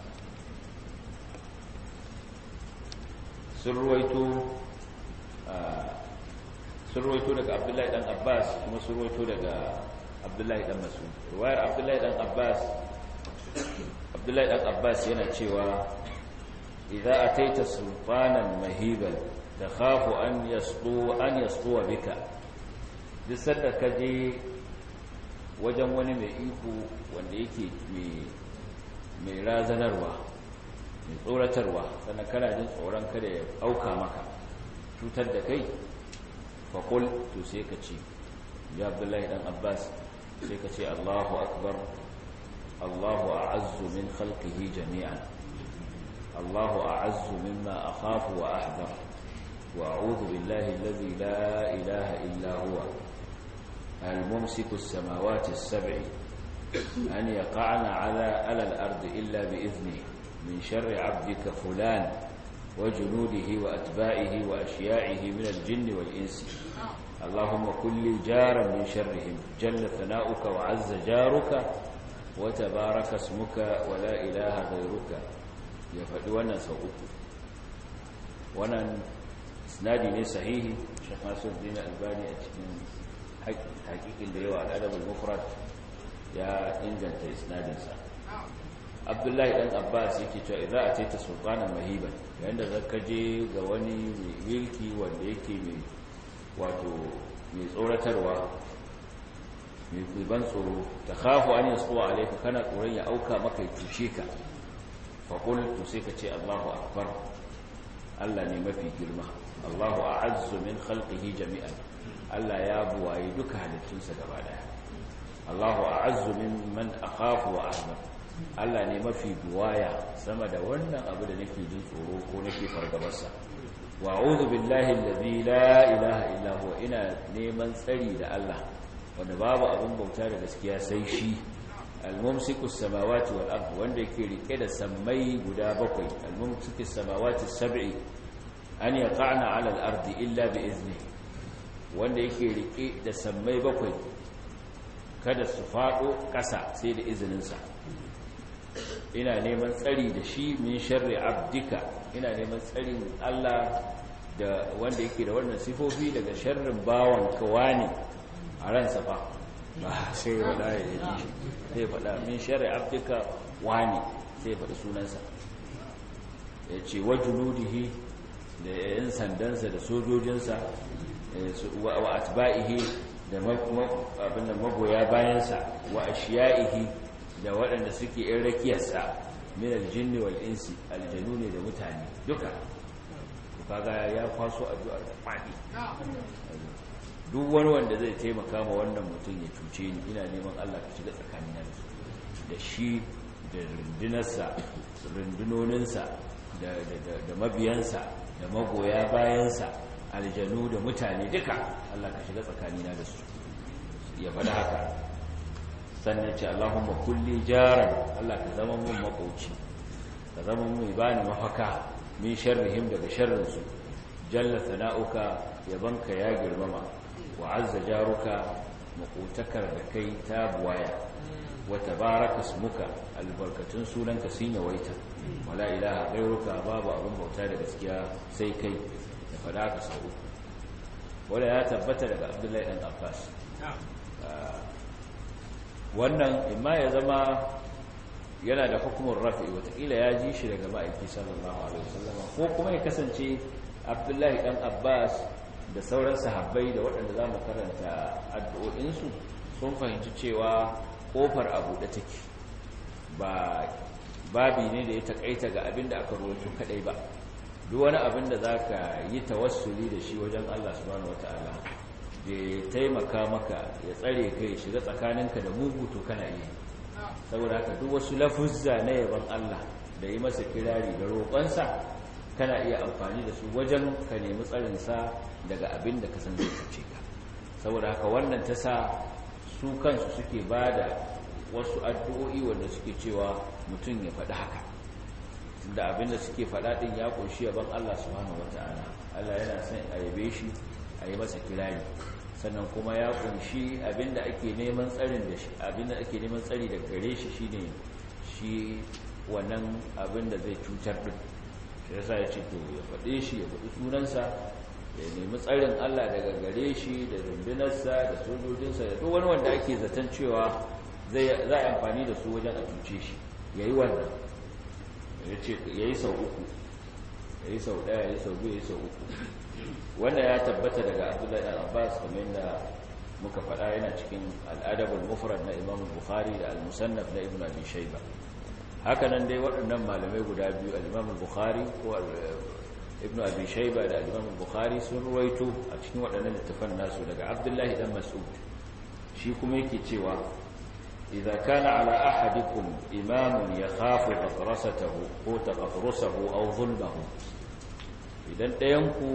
Ah, sun ruwaito daga abdullahi dan abbas kuma sun ruwaito daga abdullahi dan masud ruwayar abdullahi dan abbas abdullahi dan abbas yana cewa idza ataita sultanan mahiban takhafu an yasdu an yasdu bika duk sanda ka je wajen wani mai iko wanda yake mai razanarwa mai tsoratarwa sannan kana jin tsoron kada ya auka maka cutar da kai faƙul to sai ka ce ya abdullahi dan abbas sai ka ce allahu akbar allahu a'azzu min khalqihi jami'an allahu a'azzu mimma akhafu wa ahdar wa a'udhu billahi alladhi la ilaha illa huwa الممسك السماوات an أن يقعن على ardi illa bi بإذنه من شر عبدك فلان وجنوده وأتباعه وأشيائه من الجن والإنس اللهم كل جارا من شرهم جل ثناؤك وعز جارك وتبارك اسمك ولا إله غيرك يفدونا سوءك وانا سنادي من صحيح الشيخ ناصر الدين الباني أتكلم حقيقي اللي هو على الأدب المفرد يا إنجل تسنادي صحيح abdullahi dan abbas yake cewa ce ta sultanan mahiban yayin da zaka je ga wani milki wanda yake mai wato mai tsoratarwa mai ban tsoro ta khafu an yasquwa alayka kana tsoron ya auka maka kice ka fa qultu sai ka ce allahu akbar allah ne mafi girma allahu a'azzu min khalqihi jami'an allah ya buwaye duka halittunsa gaba daya allahu a'azzu min man akhafu wa ahmad Allah ne mafi buwaya sama da wannan abu da nake jin tsoro ko nake fargabarsa wa a'udhu billahi allazi la ilaha illa huwa ina neman tsari da Allah wanda babu abin bauta da gaskiya sai shi al-mumsikus samawati wal ard wanda yake rike da samai guda bakwai al-mumsikus samawati sab'i an yaqa'na 'ala al-ardi illa bi izni wanda yake rike da samai bakwai kada su fado kasa sai da izininsa sa ina neman tsari da shi min sharri abdika ina neman tsarin Allah da wanda yake da wannan sifofi daga sharrin bawan kawani a ransa ba ba sai wada ya yi sai fada min sharri abdika wani sai fada sunansa ya ce juludihi da yan sandansa da sojojinsa wa atba'ihi da abinda magoya bayansa wa ashiya'ihi da waɗanda suke yan rakiyarsa min aljinni wal insi aljanu ne da mutane duka kaga ya kwaso addu'ar faɗi duk wani wanda zai taimaka ma wannan mutum ya cuce ni ina neman Allah ka shiga tsakanin nan da shi da rundunarsa rundunoninsa da mabiyansa da magoya bayansa aljanu da mutane duka Allah ka shiga tsakanina da su ya faɗa haka sannan ce Allahumma kulli jaran Allah ka zama mun makoci ka zama mun bani mafaka min sharrihim daga sharrinsu jalla sana'uka yabanka ya girmama wa azza jaruka makotakar da kai ta buwaya wa tabaraka smuka albarkatun sunanka sun yawaita wala ilaha ghayruka babu abin bauta da gaskiya sai kai da fada ka sau wala ya tabbata daga Abdullahi dan Abbas wannan imma ya zama yana da hukumar rafi watakila ya ji shi daga ma'aiki sallallahu alaihi wasallama ko kuma ya kasance abdullahi dan abbas da sauran sahabbai da waɗanda za mu karanta addu'o'insu sun fahimci cewa ƙofar a buɗe take ba babi ne da ya taƙaita ga abin da aka ruwaito kaɗai ba duk wani abin da za ka yi tawassuli da shi wajen allah subhanahu ya taimaka maka ya tsare kai ya shiga tsakaninka da mugu to kana yi saboda haka duk wasu lafuzza na yaban Allah da yi masa kirari da roƙonsa kana iya amfani da su wajen ka nemi tsarinsa daga abin da ka san zai cuce ka saboda haka wannan ta sa su kansu suke ba da wasu addu'o'i wanda suke cewa mutum ya faɗi haka da abin da suke faɗa ɗin ya ƙunshi yaban Allah subhanahu wata'ala Allah yana son a yabe shi a yi masa kirari sannan kuma ya kunshi abinda ake neman tsarin da shi abinda ake neman tsari da gare shi shine shi wannan abinda zai cutar din shi yasa ya ce to ya faɗe shi ya faɗi sunansa ya nemi tsarin Allah daga gare shi da rundunarsa da sojojinsa da duk wani wanda ake zaton cewa za a amfani da su wajen a cuce shi yayi wannan ya ce yayi sau uku yayi sau ɗaya yayi sau biyu yayi sau uku wanda ya tabbata daga abdullahi da abbas kamar yadda muka faɗa yana cikin al'adabul mufrad na imam bukhari da al-musannaf na ibnu abi shayba haka nan dai waɗannan malamai guda biyu al-imam bukhari ko eh, ibnu abi shayba da al-imam bukhari sun ruwaito a cikin waɗannan littafan nasu daga abdullahi dan mas'ud shi kuma yake cewa إذا kana على أحدكم إمام يخاف غطرسته ko تغطرسه أو ظلمه إذا أنت ينكو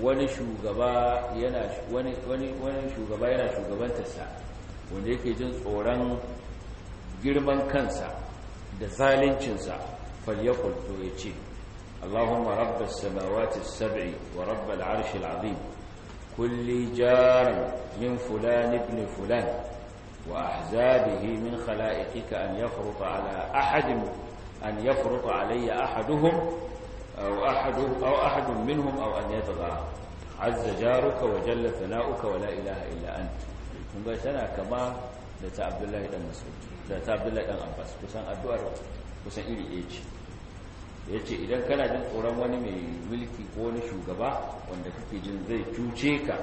wani shugaba yana wani wani shugaba yana shugabantarsa wanda yake jin tsoron girman kansa da zaluncinsa falyakul to yace اللهم رب السماوات السبع ورب العرش العظيم كل جار من فلان ابن فلان وأحزابه من خلائقك أن يفرط على أحد أن يفرط علي أحدهم أو أحد, أو أحد منهم أو أن يطغى عز جارك وجل ثناؤك ولا إله إلا أنت kun tana kama da ta abdullahi dan masud da ta abdullahi dan abbas kusan addu'ar kusan iri ɗaya ce ya ce idan kana jin tsoron wani mai mulki ko wani shugaba wanda kake jin zai cuce ka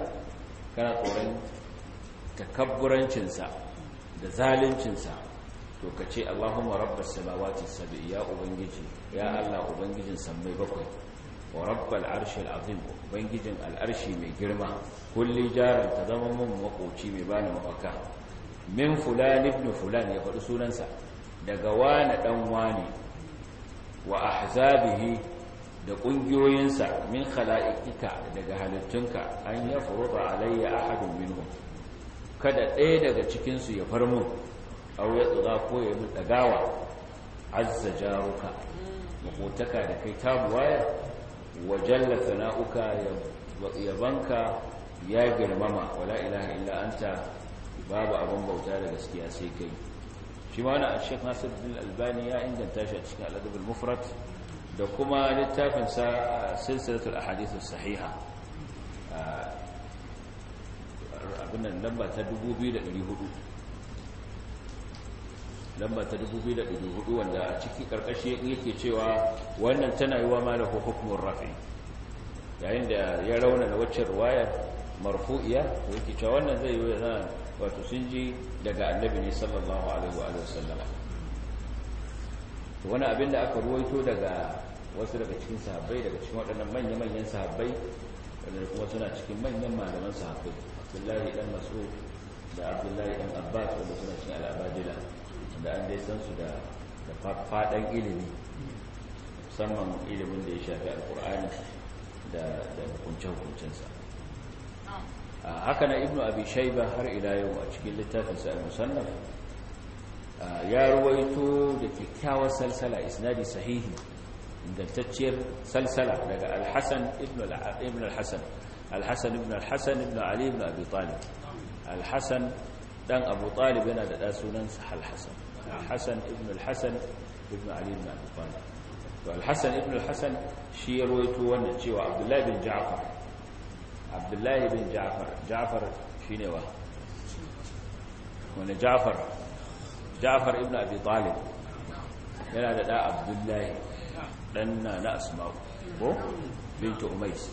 kana tsoron takabburancinsa da zaluncinsa to ka ce Allahumma rabbas samawati sab'i ya ubangiji ya Allah ubangijin sammai bakwai wa rabbal arshil azim ubangijin al'arshi mai girma kulli jaran ta zama mun makoci mai bani mafaka min fulan ibn fulan ya faɗi sunansa daga wani dan wani wa ahzabihi da ƙungiyoyinsa min khala'ikika daga halittunka an ya furuta alayya ahadun minhum kada ɗaya daga cikin su ya farmu aw ya tsaga ko ya mun dagawa azza jaruka makotaka da kai ta buwaya wa jalla sana'uka ya banka ya girmama wala ilaha illa anta babu abin bauta da gaskiya sai kai shi ma wannan Sheikh bin Albani ya inganta shi a cikin Al-Adab al-Mufrad da kuma littafin sa silsilatul ahadith as-sahiha abin nan lamba ta 2400 lamba ta 2400 wanda a ciki karkashi yake cewa wannan tana yi wa malahu hukumar rafi yayin da ya rauna na wacce ruwaya marfu'iya ko yake cewa wannan zai yi wa wato sun ji daga annabi ne sallallahu alaihi wa sallama wani abin da aka ruwaito daga wasu daga cikin sahabbai daga cikin waɗannan manya-manyan sahabbai wadanda kuma suna cikin manyan malaman sahabbai abdullahi dan mas'u da abdullahi dan abbas wanda suna cikin al'abajila da an dai san su da fadan ilimi musamman ilimin da ya shafi alkur'ani da hukunce-hukuncensa haka na ibnu abi shaiba har ila yau a cikin littafin al-musannaf ya ruwaito da kyakkyawar salsala isnadi sahihi ingantacciyar salsala daga al-hasan ibn al-hasan al-hasan ibn al ibn ali ibn abi talib al dan abu talib yana da sunan sa al الحسن ابن الحسن ابن علي بن أبي طالب فالحسن ابن الحسن رويته ويتوان شيء وعبد الله بن جعفر عبد الله بن جعفر جعفر شنو هو جعفر جعفر ابن أبي طالب يلا لا عبد الله لنا نأسمع بنت أميس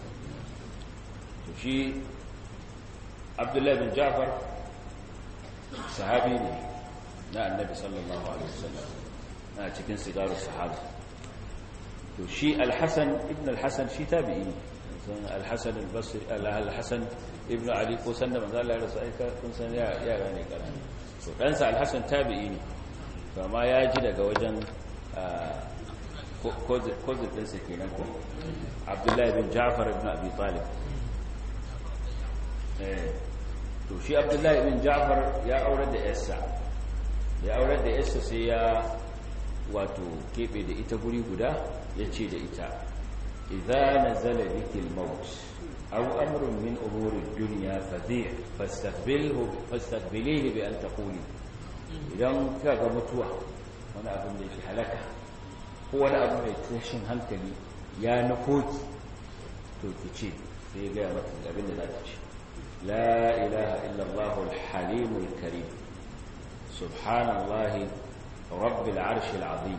شيء عبد الله بن جعفر صحابي na annabi sallallahu alaihi wasallam na cikin sigarun sahaba to shi alhassan ibn alhassan shi tabi'i ne sun alhassan albasri alhassan ibn ali ko sanda manzo Allah ya rasu aika kun san yara ne karami to ɗansa alhassan tabi'i ne amma ya ji daga wajen kozin ɗinsa kenan ko abdullahi bin ja'far ibn abi talib to shi abdullahi bin ja'far ya aurar da yarsa ya aurar da yarsa sai ya wato kebe da ita guri guda ya ce da ita idza nazala bikil maut aw amrun min umuri dunya fadhi fastaqbilhu fastaqbilihi bi an taquli idan ka ga mutuwa wani abin da yake halaka ko wani abu mai tashin hankali ya nakoki to ki ce sai ga mata abin da za ta ce la ilaha illa allah al subhanallahi rabbil arshil azim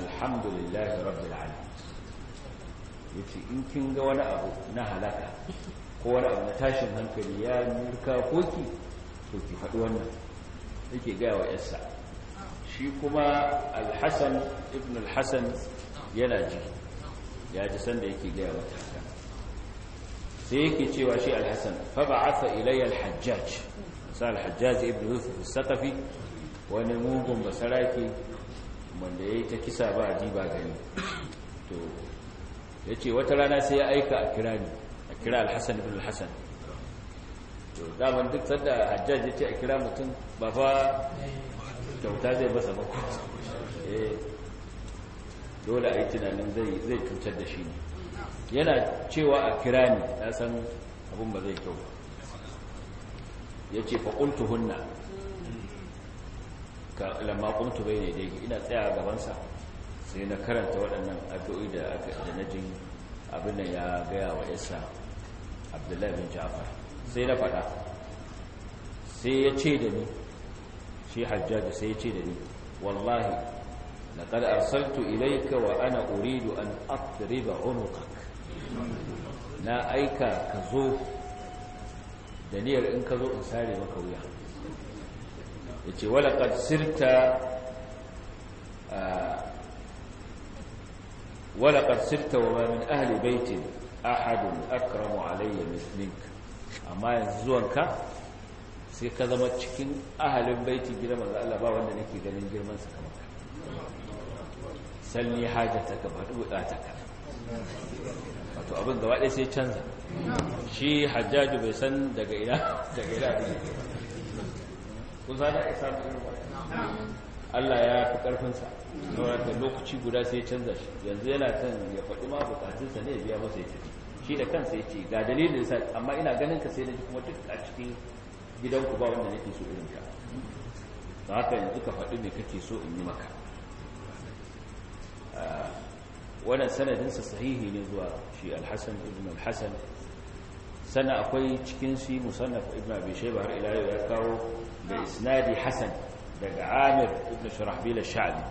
alhamdulillahi rabbil alamin yace in kin ga wani abu na halaka ko wani abu na tashin hankali ya murka koki to ki faɗi wannan yake gaya wa yarsa shi kuma alhassan ibn alhassan yana ji ya ji sanda yake gaya wa haka sai yake cewa shi alhassan fa ba'atha ilayya alhajjaj sal hajjaj ibn yusuf saqafi wani mugun basaraki wanda yi ta kisa ba ji ba gani to yace wata rana sai ya aika a kira ni a kira alhassan ibn al to duk sanda hajjaj yace a kira mutum ba fa kyauta zai basa ba eh dole a yi tunanin zai cutar da shi ne yana cewa a kira ni na san abin ba zai kyau yace fa qultuhunna ka lamma qumtu bayne dai ina tsaya gabansa sai na karanta waɗannan addu'o'i da aka da abin da ya gaya wa Isa Abdullahi bin Ja'far sai na faɗa sai ya ce da ni shi Hajjaj sai ya ce da ni wallahi laqad arsaltu ilayka wa ana uridu an atriba unuqak na aika ka zo da niyyar in ka zo in sare maka wuya ya ce sirta walaƙar sirta wa mamin ahali baitin ahadun akramu alayya mislink amma yanzu zuwanka sai ka zama cikin ahalin baiti gida manzo Allah ba wanda nake ganin girman sa kamar salli hajataka ba duka ta ka wato abin gaba ɗaya sai canza shi hajjaju bai san daga ina daga ina sa da isa Allah ya fi karfinsa da lokaci guda sai ya canza shi yanzu yana son ya faɗi ma bukatunsa ne ya biya masa ya shi da kansa ya ce ga dalilin sa amma ina ganin ka sai da kuma duk a cikin gidanku ba wanda nake so irin ka da haka yanzu ka faɗi me kake so in yi maka ah, wannan sanadinsa sahihi ne zuwa shi alhassan ibn alhassan sana akwai cikin shi musannaf ibn abi shayba har ila yau ya kawo da isnadi hasan daga amir ibn shurahbil ash-sha'bi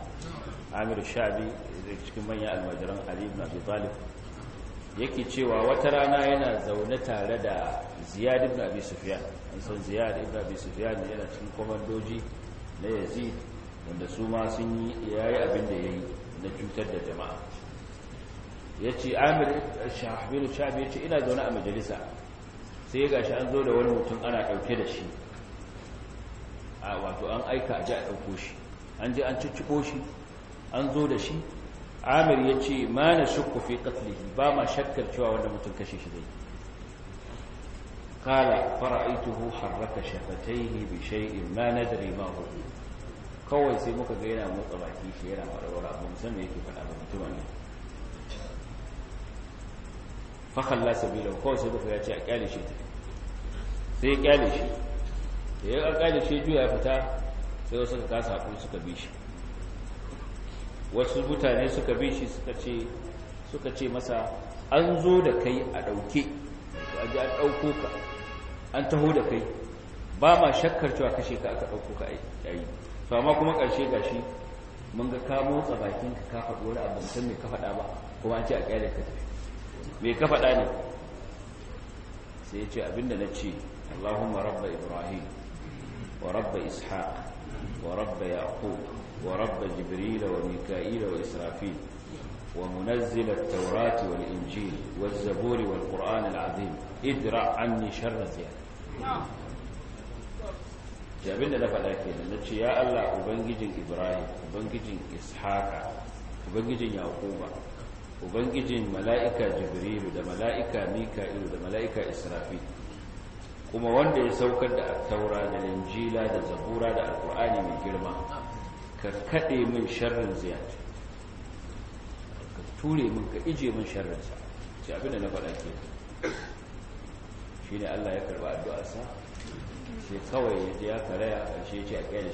amir ash-sha'bi cikin manyan almajiran ali ibn abi talib yake cewa wata rana yana zaune tare da ziyad ibn abi sufyan an san ziyad ibn abi sufyan yana cikin komandoji na yazid wanda su ma sun yi yayi abin da yayi na cutar da jama'a ya ce amir shahabiru sha'abi ya ce ina zaune a majalisa sai ya gashi an zo da wani mutum ana ɗauke da shi a wato an aika a ji a ɗauko shi an je an cicciko shi an zo da shi amir ya ce ma na shukku fi ƙatlihi ba ma shakkar cewa wanda mutum kashe shi zai kala fara'aituhu harraka shafataihi bi shay'in ma nadri ma huwa kawai sai muka ga yana motsa baki shi yana faɗa wani abu musamman yake faɗa ba mutum ne fa sabila ko sai baka ya ce a kyale shi sai ya kyale shi da ya kyale shi juya ya fita sai wasu ka kasa hakuri suka bi shi wasu mutane suka bi shi suka ce suka ce masa an zo da kai a dauke a ji an dauko ka an taho da kai ba ma shakkar cewa kashe ka aka dauko ka ai to amma kuma karshe gashi mun ga ka motsa bakin ka ka faɗo wani abu san me ka faɗa ba kuma an ce a kyale ka tafi me ka faɗa ne sai ya ce abinda na ce Allahumma rabba Ibrahim wa rabba Ishaq wa rabba Yaqub wa rabba Jibril wa Mika'il wa Israfil wa munazzil at-Taurat wal Injil wal Zabur wal Qur'an al-Azim idra anni sharra ziyada abin da na faɗa kenan na ce ya Allah ubangijin Ibrahim ubangijin Ishaq ubangijin Yaquba ubangijin mala'ika jibrilu da mala'ika mika'ilu da mala'ika israfi kuma wanda ya saukar da taura da linjila da zabura da alkur'ani mai girma ka kaɗe min sharrin ziyar ka ture min ka ije min sharrinsa ce da na faɗa ke shi ne allah ya karba addu'arsa sai kawai ya ji ya karaya a shi ce a ƙyar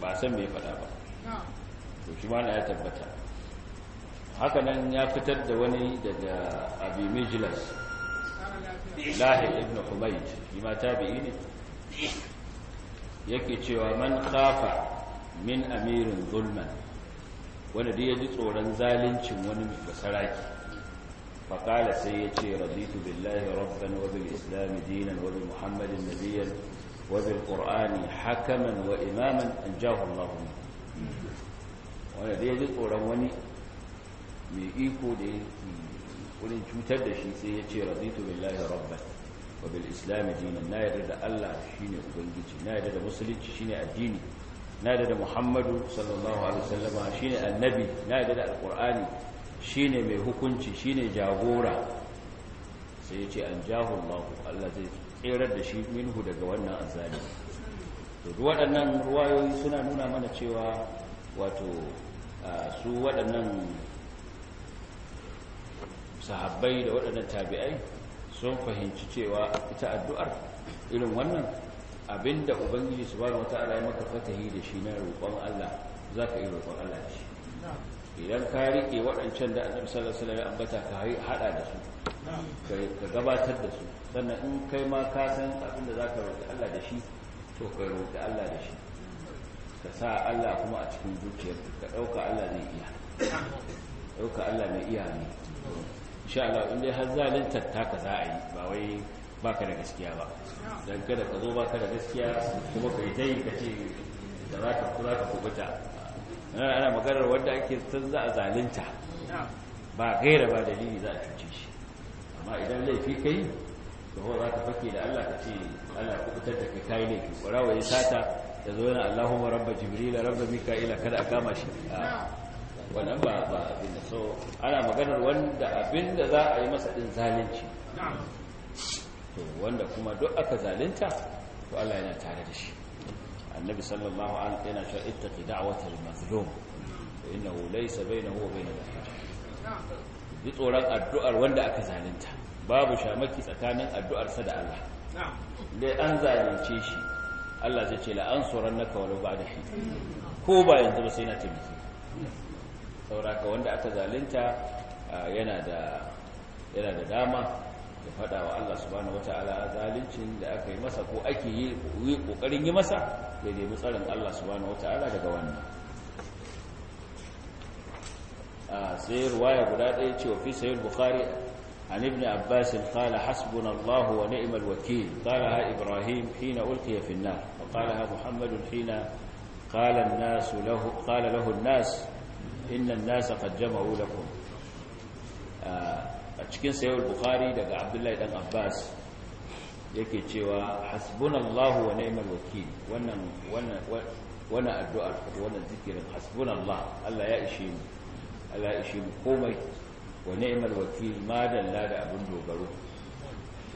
ba san mai faɗa ba to shi ma na ya tabbata hakanan ya fitar da wani daga abu mijlas lahi ibn humayd bima tabi'i ne yake cewa man kafa min amirin zulman wani da ya ji tsoron zalincin wani basaraki faƙala sai ya ce raditu billahi rabban wa bil islami dinan wa bil muhammadin nabiyyan wa bil qur'ani hakaman wa imaman an jahu Allah wani da ya ji tsoron wani mai iko da ya wurin cutar da shi sai ya ce raditu billahi rabban wa bil islam dinan na yarda da Allah shine ubangiji na yarda da musulunci shine addini na yarda da Muhammadu sallallahu alaihi wasallama shine annabi na yarda da alqur'ani shine mai hukunci shine jagora sai ya ce an jahu Allah Allah zai tsirar da shi minhu daga wannan azali to waɗannan ruwayoyi suna nuna mana cewa wato su waɗannan sahabbai da waɗannan tabi'ai sun fahimci cewa ita addu'ar irin wannan abinda ubangiji su wata'ala ya maka fatahi da shi na roƙon Allah za ka yi roƙon Allah da shi idan ka riƙe waɗancan da annabi sallallahu alaihi wasallam ambata ka haɗa da su ka gabatar da su sannan in kai ma ka san abin da za ka roƙi Allah da shi to ka roƙi Allah da shi ka sa Allah kuma a cikin zuciyarka ka ɗauka Allah zai iya ɗauka Allah mai iya ne insha Allah in dai har zalintar taka za a yi ba wai baka da gaskiya ba dan kada ka zo baka da gaskiya kuma kai dai ka ce da za ka kula ka kubuta ana maganar wanda ake san za a zalunta ba gaira ba dalili za a cuce shi amma idan laifi kai to za ka fake da Allah ka ce Allah kubutar da kai kai laifi ƙwarawa ya sata ya zo yana Allahumma rabba jibril rabba mika'ila kada a kama shi wannan ba ba abin da so ana maganar wanda abin da za a yi masa din zalunci to wanda kuma duk aka zalunta to Allah yana tare da shi annabi sallallahu alaihi wasallam yana cewa ittaqi da'watal mazlum innahu laysa bainahu wa bainal bi tsoron addu'ar wanda aka zalunta babu shamaki tsakanin addu'ar sa da Allah dai an zalunce shi Allah zai ce la ansurannaka walau ba'da hin ko ba yanzu ba sai na taimake sauraka wanda aka zalunta yana da dama da dama ya fada wa Allah subhanahu wataala da aka yi masa ko ake yi kokarin yi masa da nemi tsarin Allah subhanahu wataala daga wannan sai ruwaya guda ɗaya cewa fi sayyid bukari a ابن عباس قال حسبنا الله ونعم الوكيل قالها إبراهيم حين ألقي في النار وقالها محمد حين قال الناس له قال innan nasa qad jama'u lakum ah, a cikin sayyid bukhari daga abdullahi dan abbas yake cewa hasbunallahu wa ni'mal wakeel wannan wannan wannan addu'a wannan zikirin hasbunallah Allah ya ishe mu Allah ya ishe mu komai wa ni'mal wakeel ma dalla da abun dogaro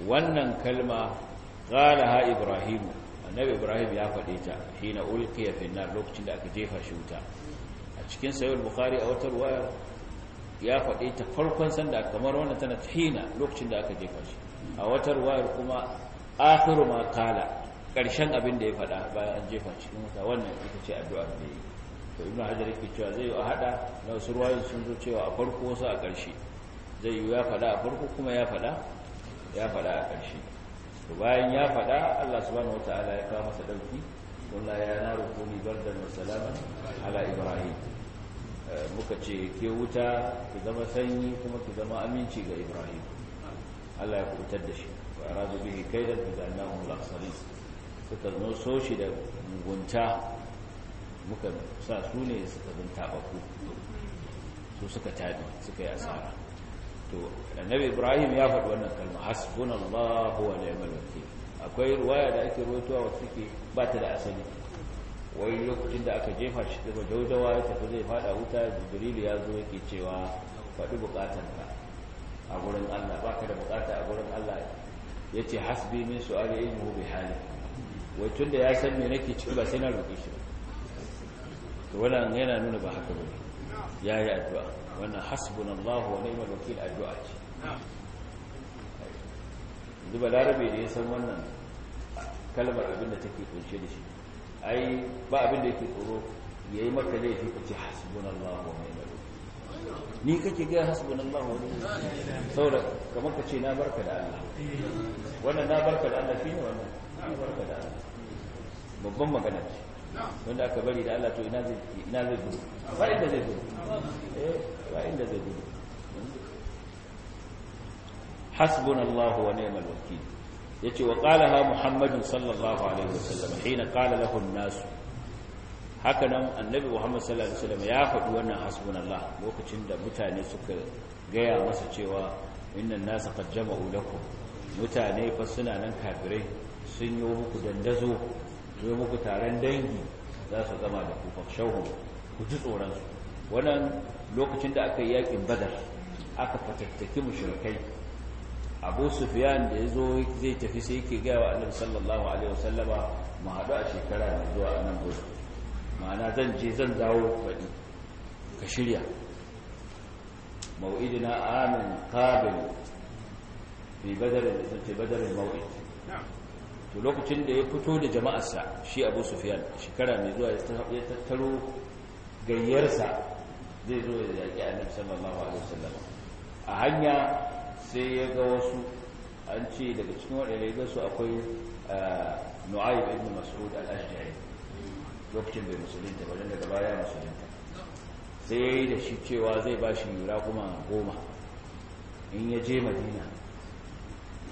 wannan kalma qalaha ibrahim annabi ibrahim ya faɗe ta hina ulqiya fi nar lokacin da aka jefa shi wuta cikin sayar bukari a wata ruwaya ya faɗi ta farkon sanda kamar wannan tana hina lokacin da aka jefa shi a wata ruwa kuma akhiru ma kala ƙarshen abin da ya faɗa bayan an jefa kuma ta wannan ita ce addu'a da yi to ibnu hajar yake cewa zai yi a hada na wasu ruwayoyin sun zo cewa a farko wasu a ƙarshe zai yi ya faɗa a farko kuma ya faɗa ya faɗa a ƙarshe to bayan ya faɗa Allah subhanahu wataala ya kawo masa dauki والله يا نار kuni بردا وسلاما على ala ibrahim muka ce ke wuta ki zama sanyi kuma ki zama aminci ga ibrahim allah ya kubutar da shi wa razu bihi ku fi mu lakhsari suka zo so shi da mugunta muka sa su ne suka zan tabaku su suka tabi suka yi asara to annabi ibrahim ya faɗi wannan kalma hasbunallahu wa ni'mal wakil akwai ruwaya da ake rawaitowa wacce ke ba ta da asali wai lokacin da aka jefa shi da daudawa ya tafi zai fada wuta jibrilu ya zo yake cewa faɗi bukatanka a gurin Allah ka da bukata a gurin Allah ya ce hasbi min su'ali ilmuhu bi hali wai tun da ya san me nake ciki ba sai na roƙe shi to wannan yana nuna ba haka bane yayi addu'a wannan hasbunallahu wa ni'mal wakil addu'a ce duba larabe da ya san wannan kalmar abin da take kunshe da shi ai ba abin da yake tsoro ya yi maka laifi ka ce hasbunallahu wa ni'mal ni kake ga hasbunallahu wa ni'mal saboda kamar ka ce na barka da Allah wannan na barka da Allah shine wannan na barka da Allah babban magana ce wanda aka bari da Allah to ina zai ina ba inda zai gudu eh ba inda zai gudu hasbunallahu wa ni'mal wakeel yace wa qalaha muhammadun sallallahu alaihi wasallam hina qala lahu an-nas haka nan annabi muhammad sallallahu alaihi wasallam ya faɗi wannan hasbunallah lokacin da mutane suka gaya masa cewa innan nasa qad jama'u lakum mutane fa suna nan kafirai sun yi muku dandazo yi muku taron dangi za su zama da ku fakshawhum ku ji tsoron su wannan lokacin da aka yi yakin badar aka fatattaki mushrikai abu sufiyan da ya zo zai tafi sai ke gaya wa annabi sallallahu alaihi wasallama mu haɗu a shekara mai zuwa a nan gudu ma'ana zan je zan dawo baɗi ka shirya mau'idina amin qabil fi badar fi badar mau'id to lokacin da ya fito da jama'arsa shi abu sufiyan shekara mai zuwa ya tattaro gayyarsa zai zo ya yaƙi annabi sallallahu alaihi wasallama a hanya sai ya ga wasu an ce daga cikin waɗanda ya ga su akwai da ibn mas'ud al-ashjari lokacin bai musulunta ba don daga baya musulunta sai ya yi da shi cewa zai ba shi yura kuma goma in ya je madina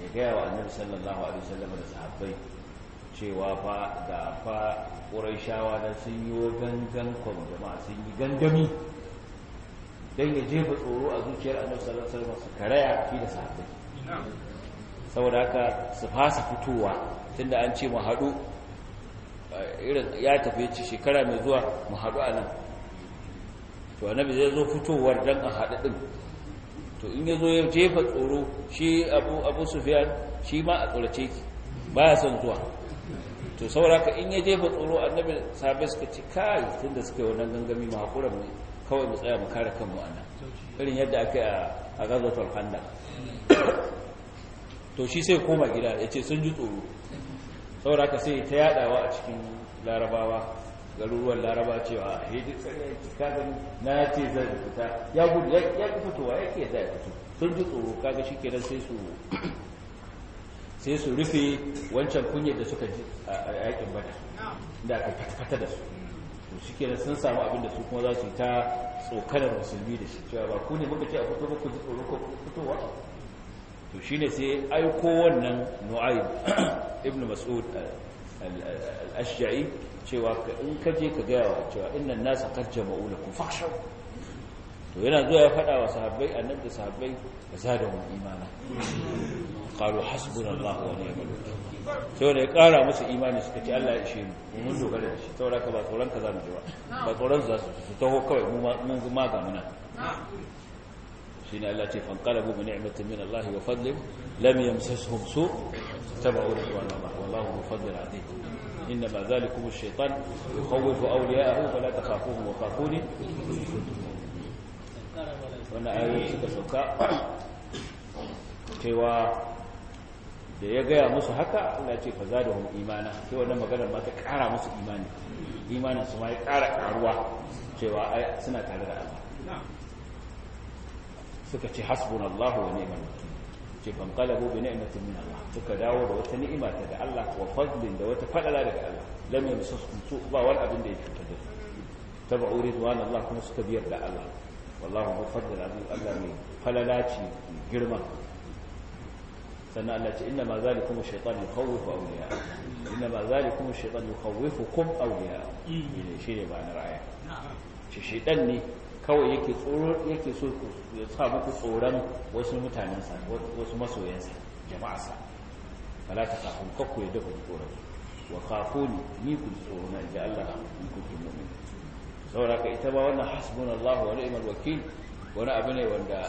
ya gaya wa annabi sallallahu alaihi wasallam da sahabbai cewa fa da fa ƙurai shawa na sun yi gangan kwamgama sun yi gangami don ya jefa tsoro a zuciyar annabi sallallahu alaihi wasallam su karaya fi da sahabbai saboda haka su fasa fitowa tunda an ce mu haɗu eh, irin ya tafi ci shekara mai zuwa mu haɗu a nan to annabi zai zo fitowar dan a hadu din to in ya zo ya jefa tsoro shi abu abu sufyan shi ma a tsorace ki baya son zuwa to saboda haka in ya jefa tsoro annabi sahabbai suka ci kai tunda suka yi wannan gangami mu haƙura mu kawai mu tsaya mu kare kanmu a nan irin yadda ake a gazotar handa to shi sai koma gida ya ce sun ji tsoro saboda ka sai ta yadawa a cikin larabawa garuruwan laraba cewa hejji tsarin na ce zai fita ya gudu ya ƙi fitowa ya ke zai fito sun ji tsoro kaga shi kenan sai su sai su rufe wancan kunyar da suka ji a yakin bada da aka fata da su to shi kenan sun samu abin da su kuma za su yi ta tsokanar musulmi da shi cewa ba ku ne muka ce a fito ba ji tsoro ko fitowa to shi ne sai aiko wannan nu'ayi ibn mas'ud al-ashja'i cewa in ka je ka gaya wa cewa innan nasa karja ma'ula ku fashau to yana zuwa ya faɗa wa sahabbai annabi sahabbai ba za da mu imana qalu hasbunallahu wa ni'mal wakeel saboda ya kara musu imani suka ce Allah ya ishe mu mun dogara da shi saboda ka ba tsoron ka za mu ji ba ba tsoron za su su taho kawai mun zuma ga muna shi Allah ce fanqalabu bi ni'matin min Allah wa lam su ridwan Allah wallahu inna ma zalikum ash-shaytan yukhawwifu awliya'ahu fala takhafuhum wa khafuni wannan suka sauka cewa da ya gaya musu haka Allah ce fa hum imana sai wannan maganar ma ta kara musu imani imanin su ma ya kara karuwa cewa ai suna tare da Allah suka ce hasbunallahu wa ni'mal wakeel ce ban qalabu bi ni'mati min Allah suka dawo da wata ni'ima ta da Allah wa fadlin da wata fadala daga Allah lam yamsaskum su ba wani abin da ya cutar da su tabu ridwanallahi kuma suka biyar da Allah wallahu mufaddal azim Allah mai falalaci girma sannan Allah ce inna ma zalikum ash-shaytan yukhawwifu awliya inna ma zalikum ash-shaytan yukhawwifukum awliya shi ne ba na raya shi shedan ne kawai yake tsoro yake so ya sa muku tsoron wasu mutanen sa wasu masoyan sa jama'a sa fala ta kafun kakku ya dafa tsoron wa khafuni ni ku tsoro na ji Allah ku kuntum mu'min saboda ka ita ba wannan hasbunallahu wa ni'mal wakil wani abu ne wanda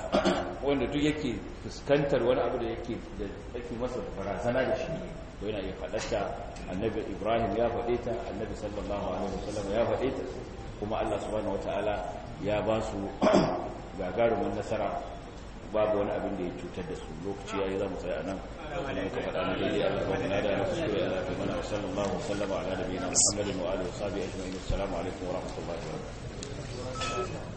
wanda duk yake fuskantar wani abu da yake da yake masa barazana da shi ko yana iya faɗarta annabi ibrahim ya faɗe ta annabi sallallahu alaihi wasallam ya faɗe ta kuma allah subhanahu wataala ya ba su gagarumin nasara babu wani abin da ya cutar da su lokaci yayi za mu tsaya nan ana muka faɗa na daidai a kan na da na kuskure a zafi mana sallallahu alaihi wasallam ala da muhammadin wa alihi wa sahbihi ajma'in assalamu alaikum wa rahmatullahi wa barakatuh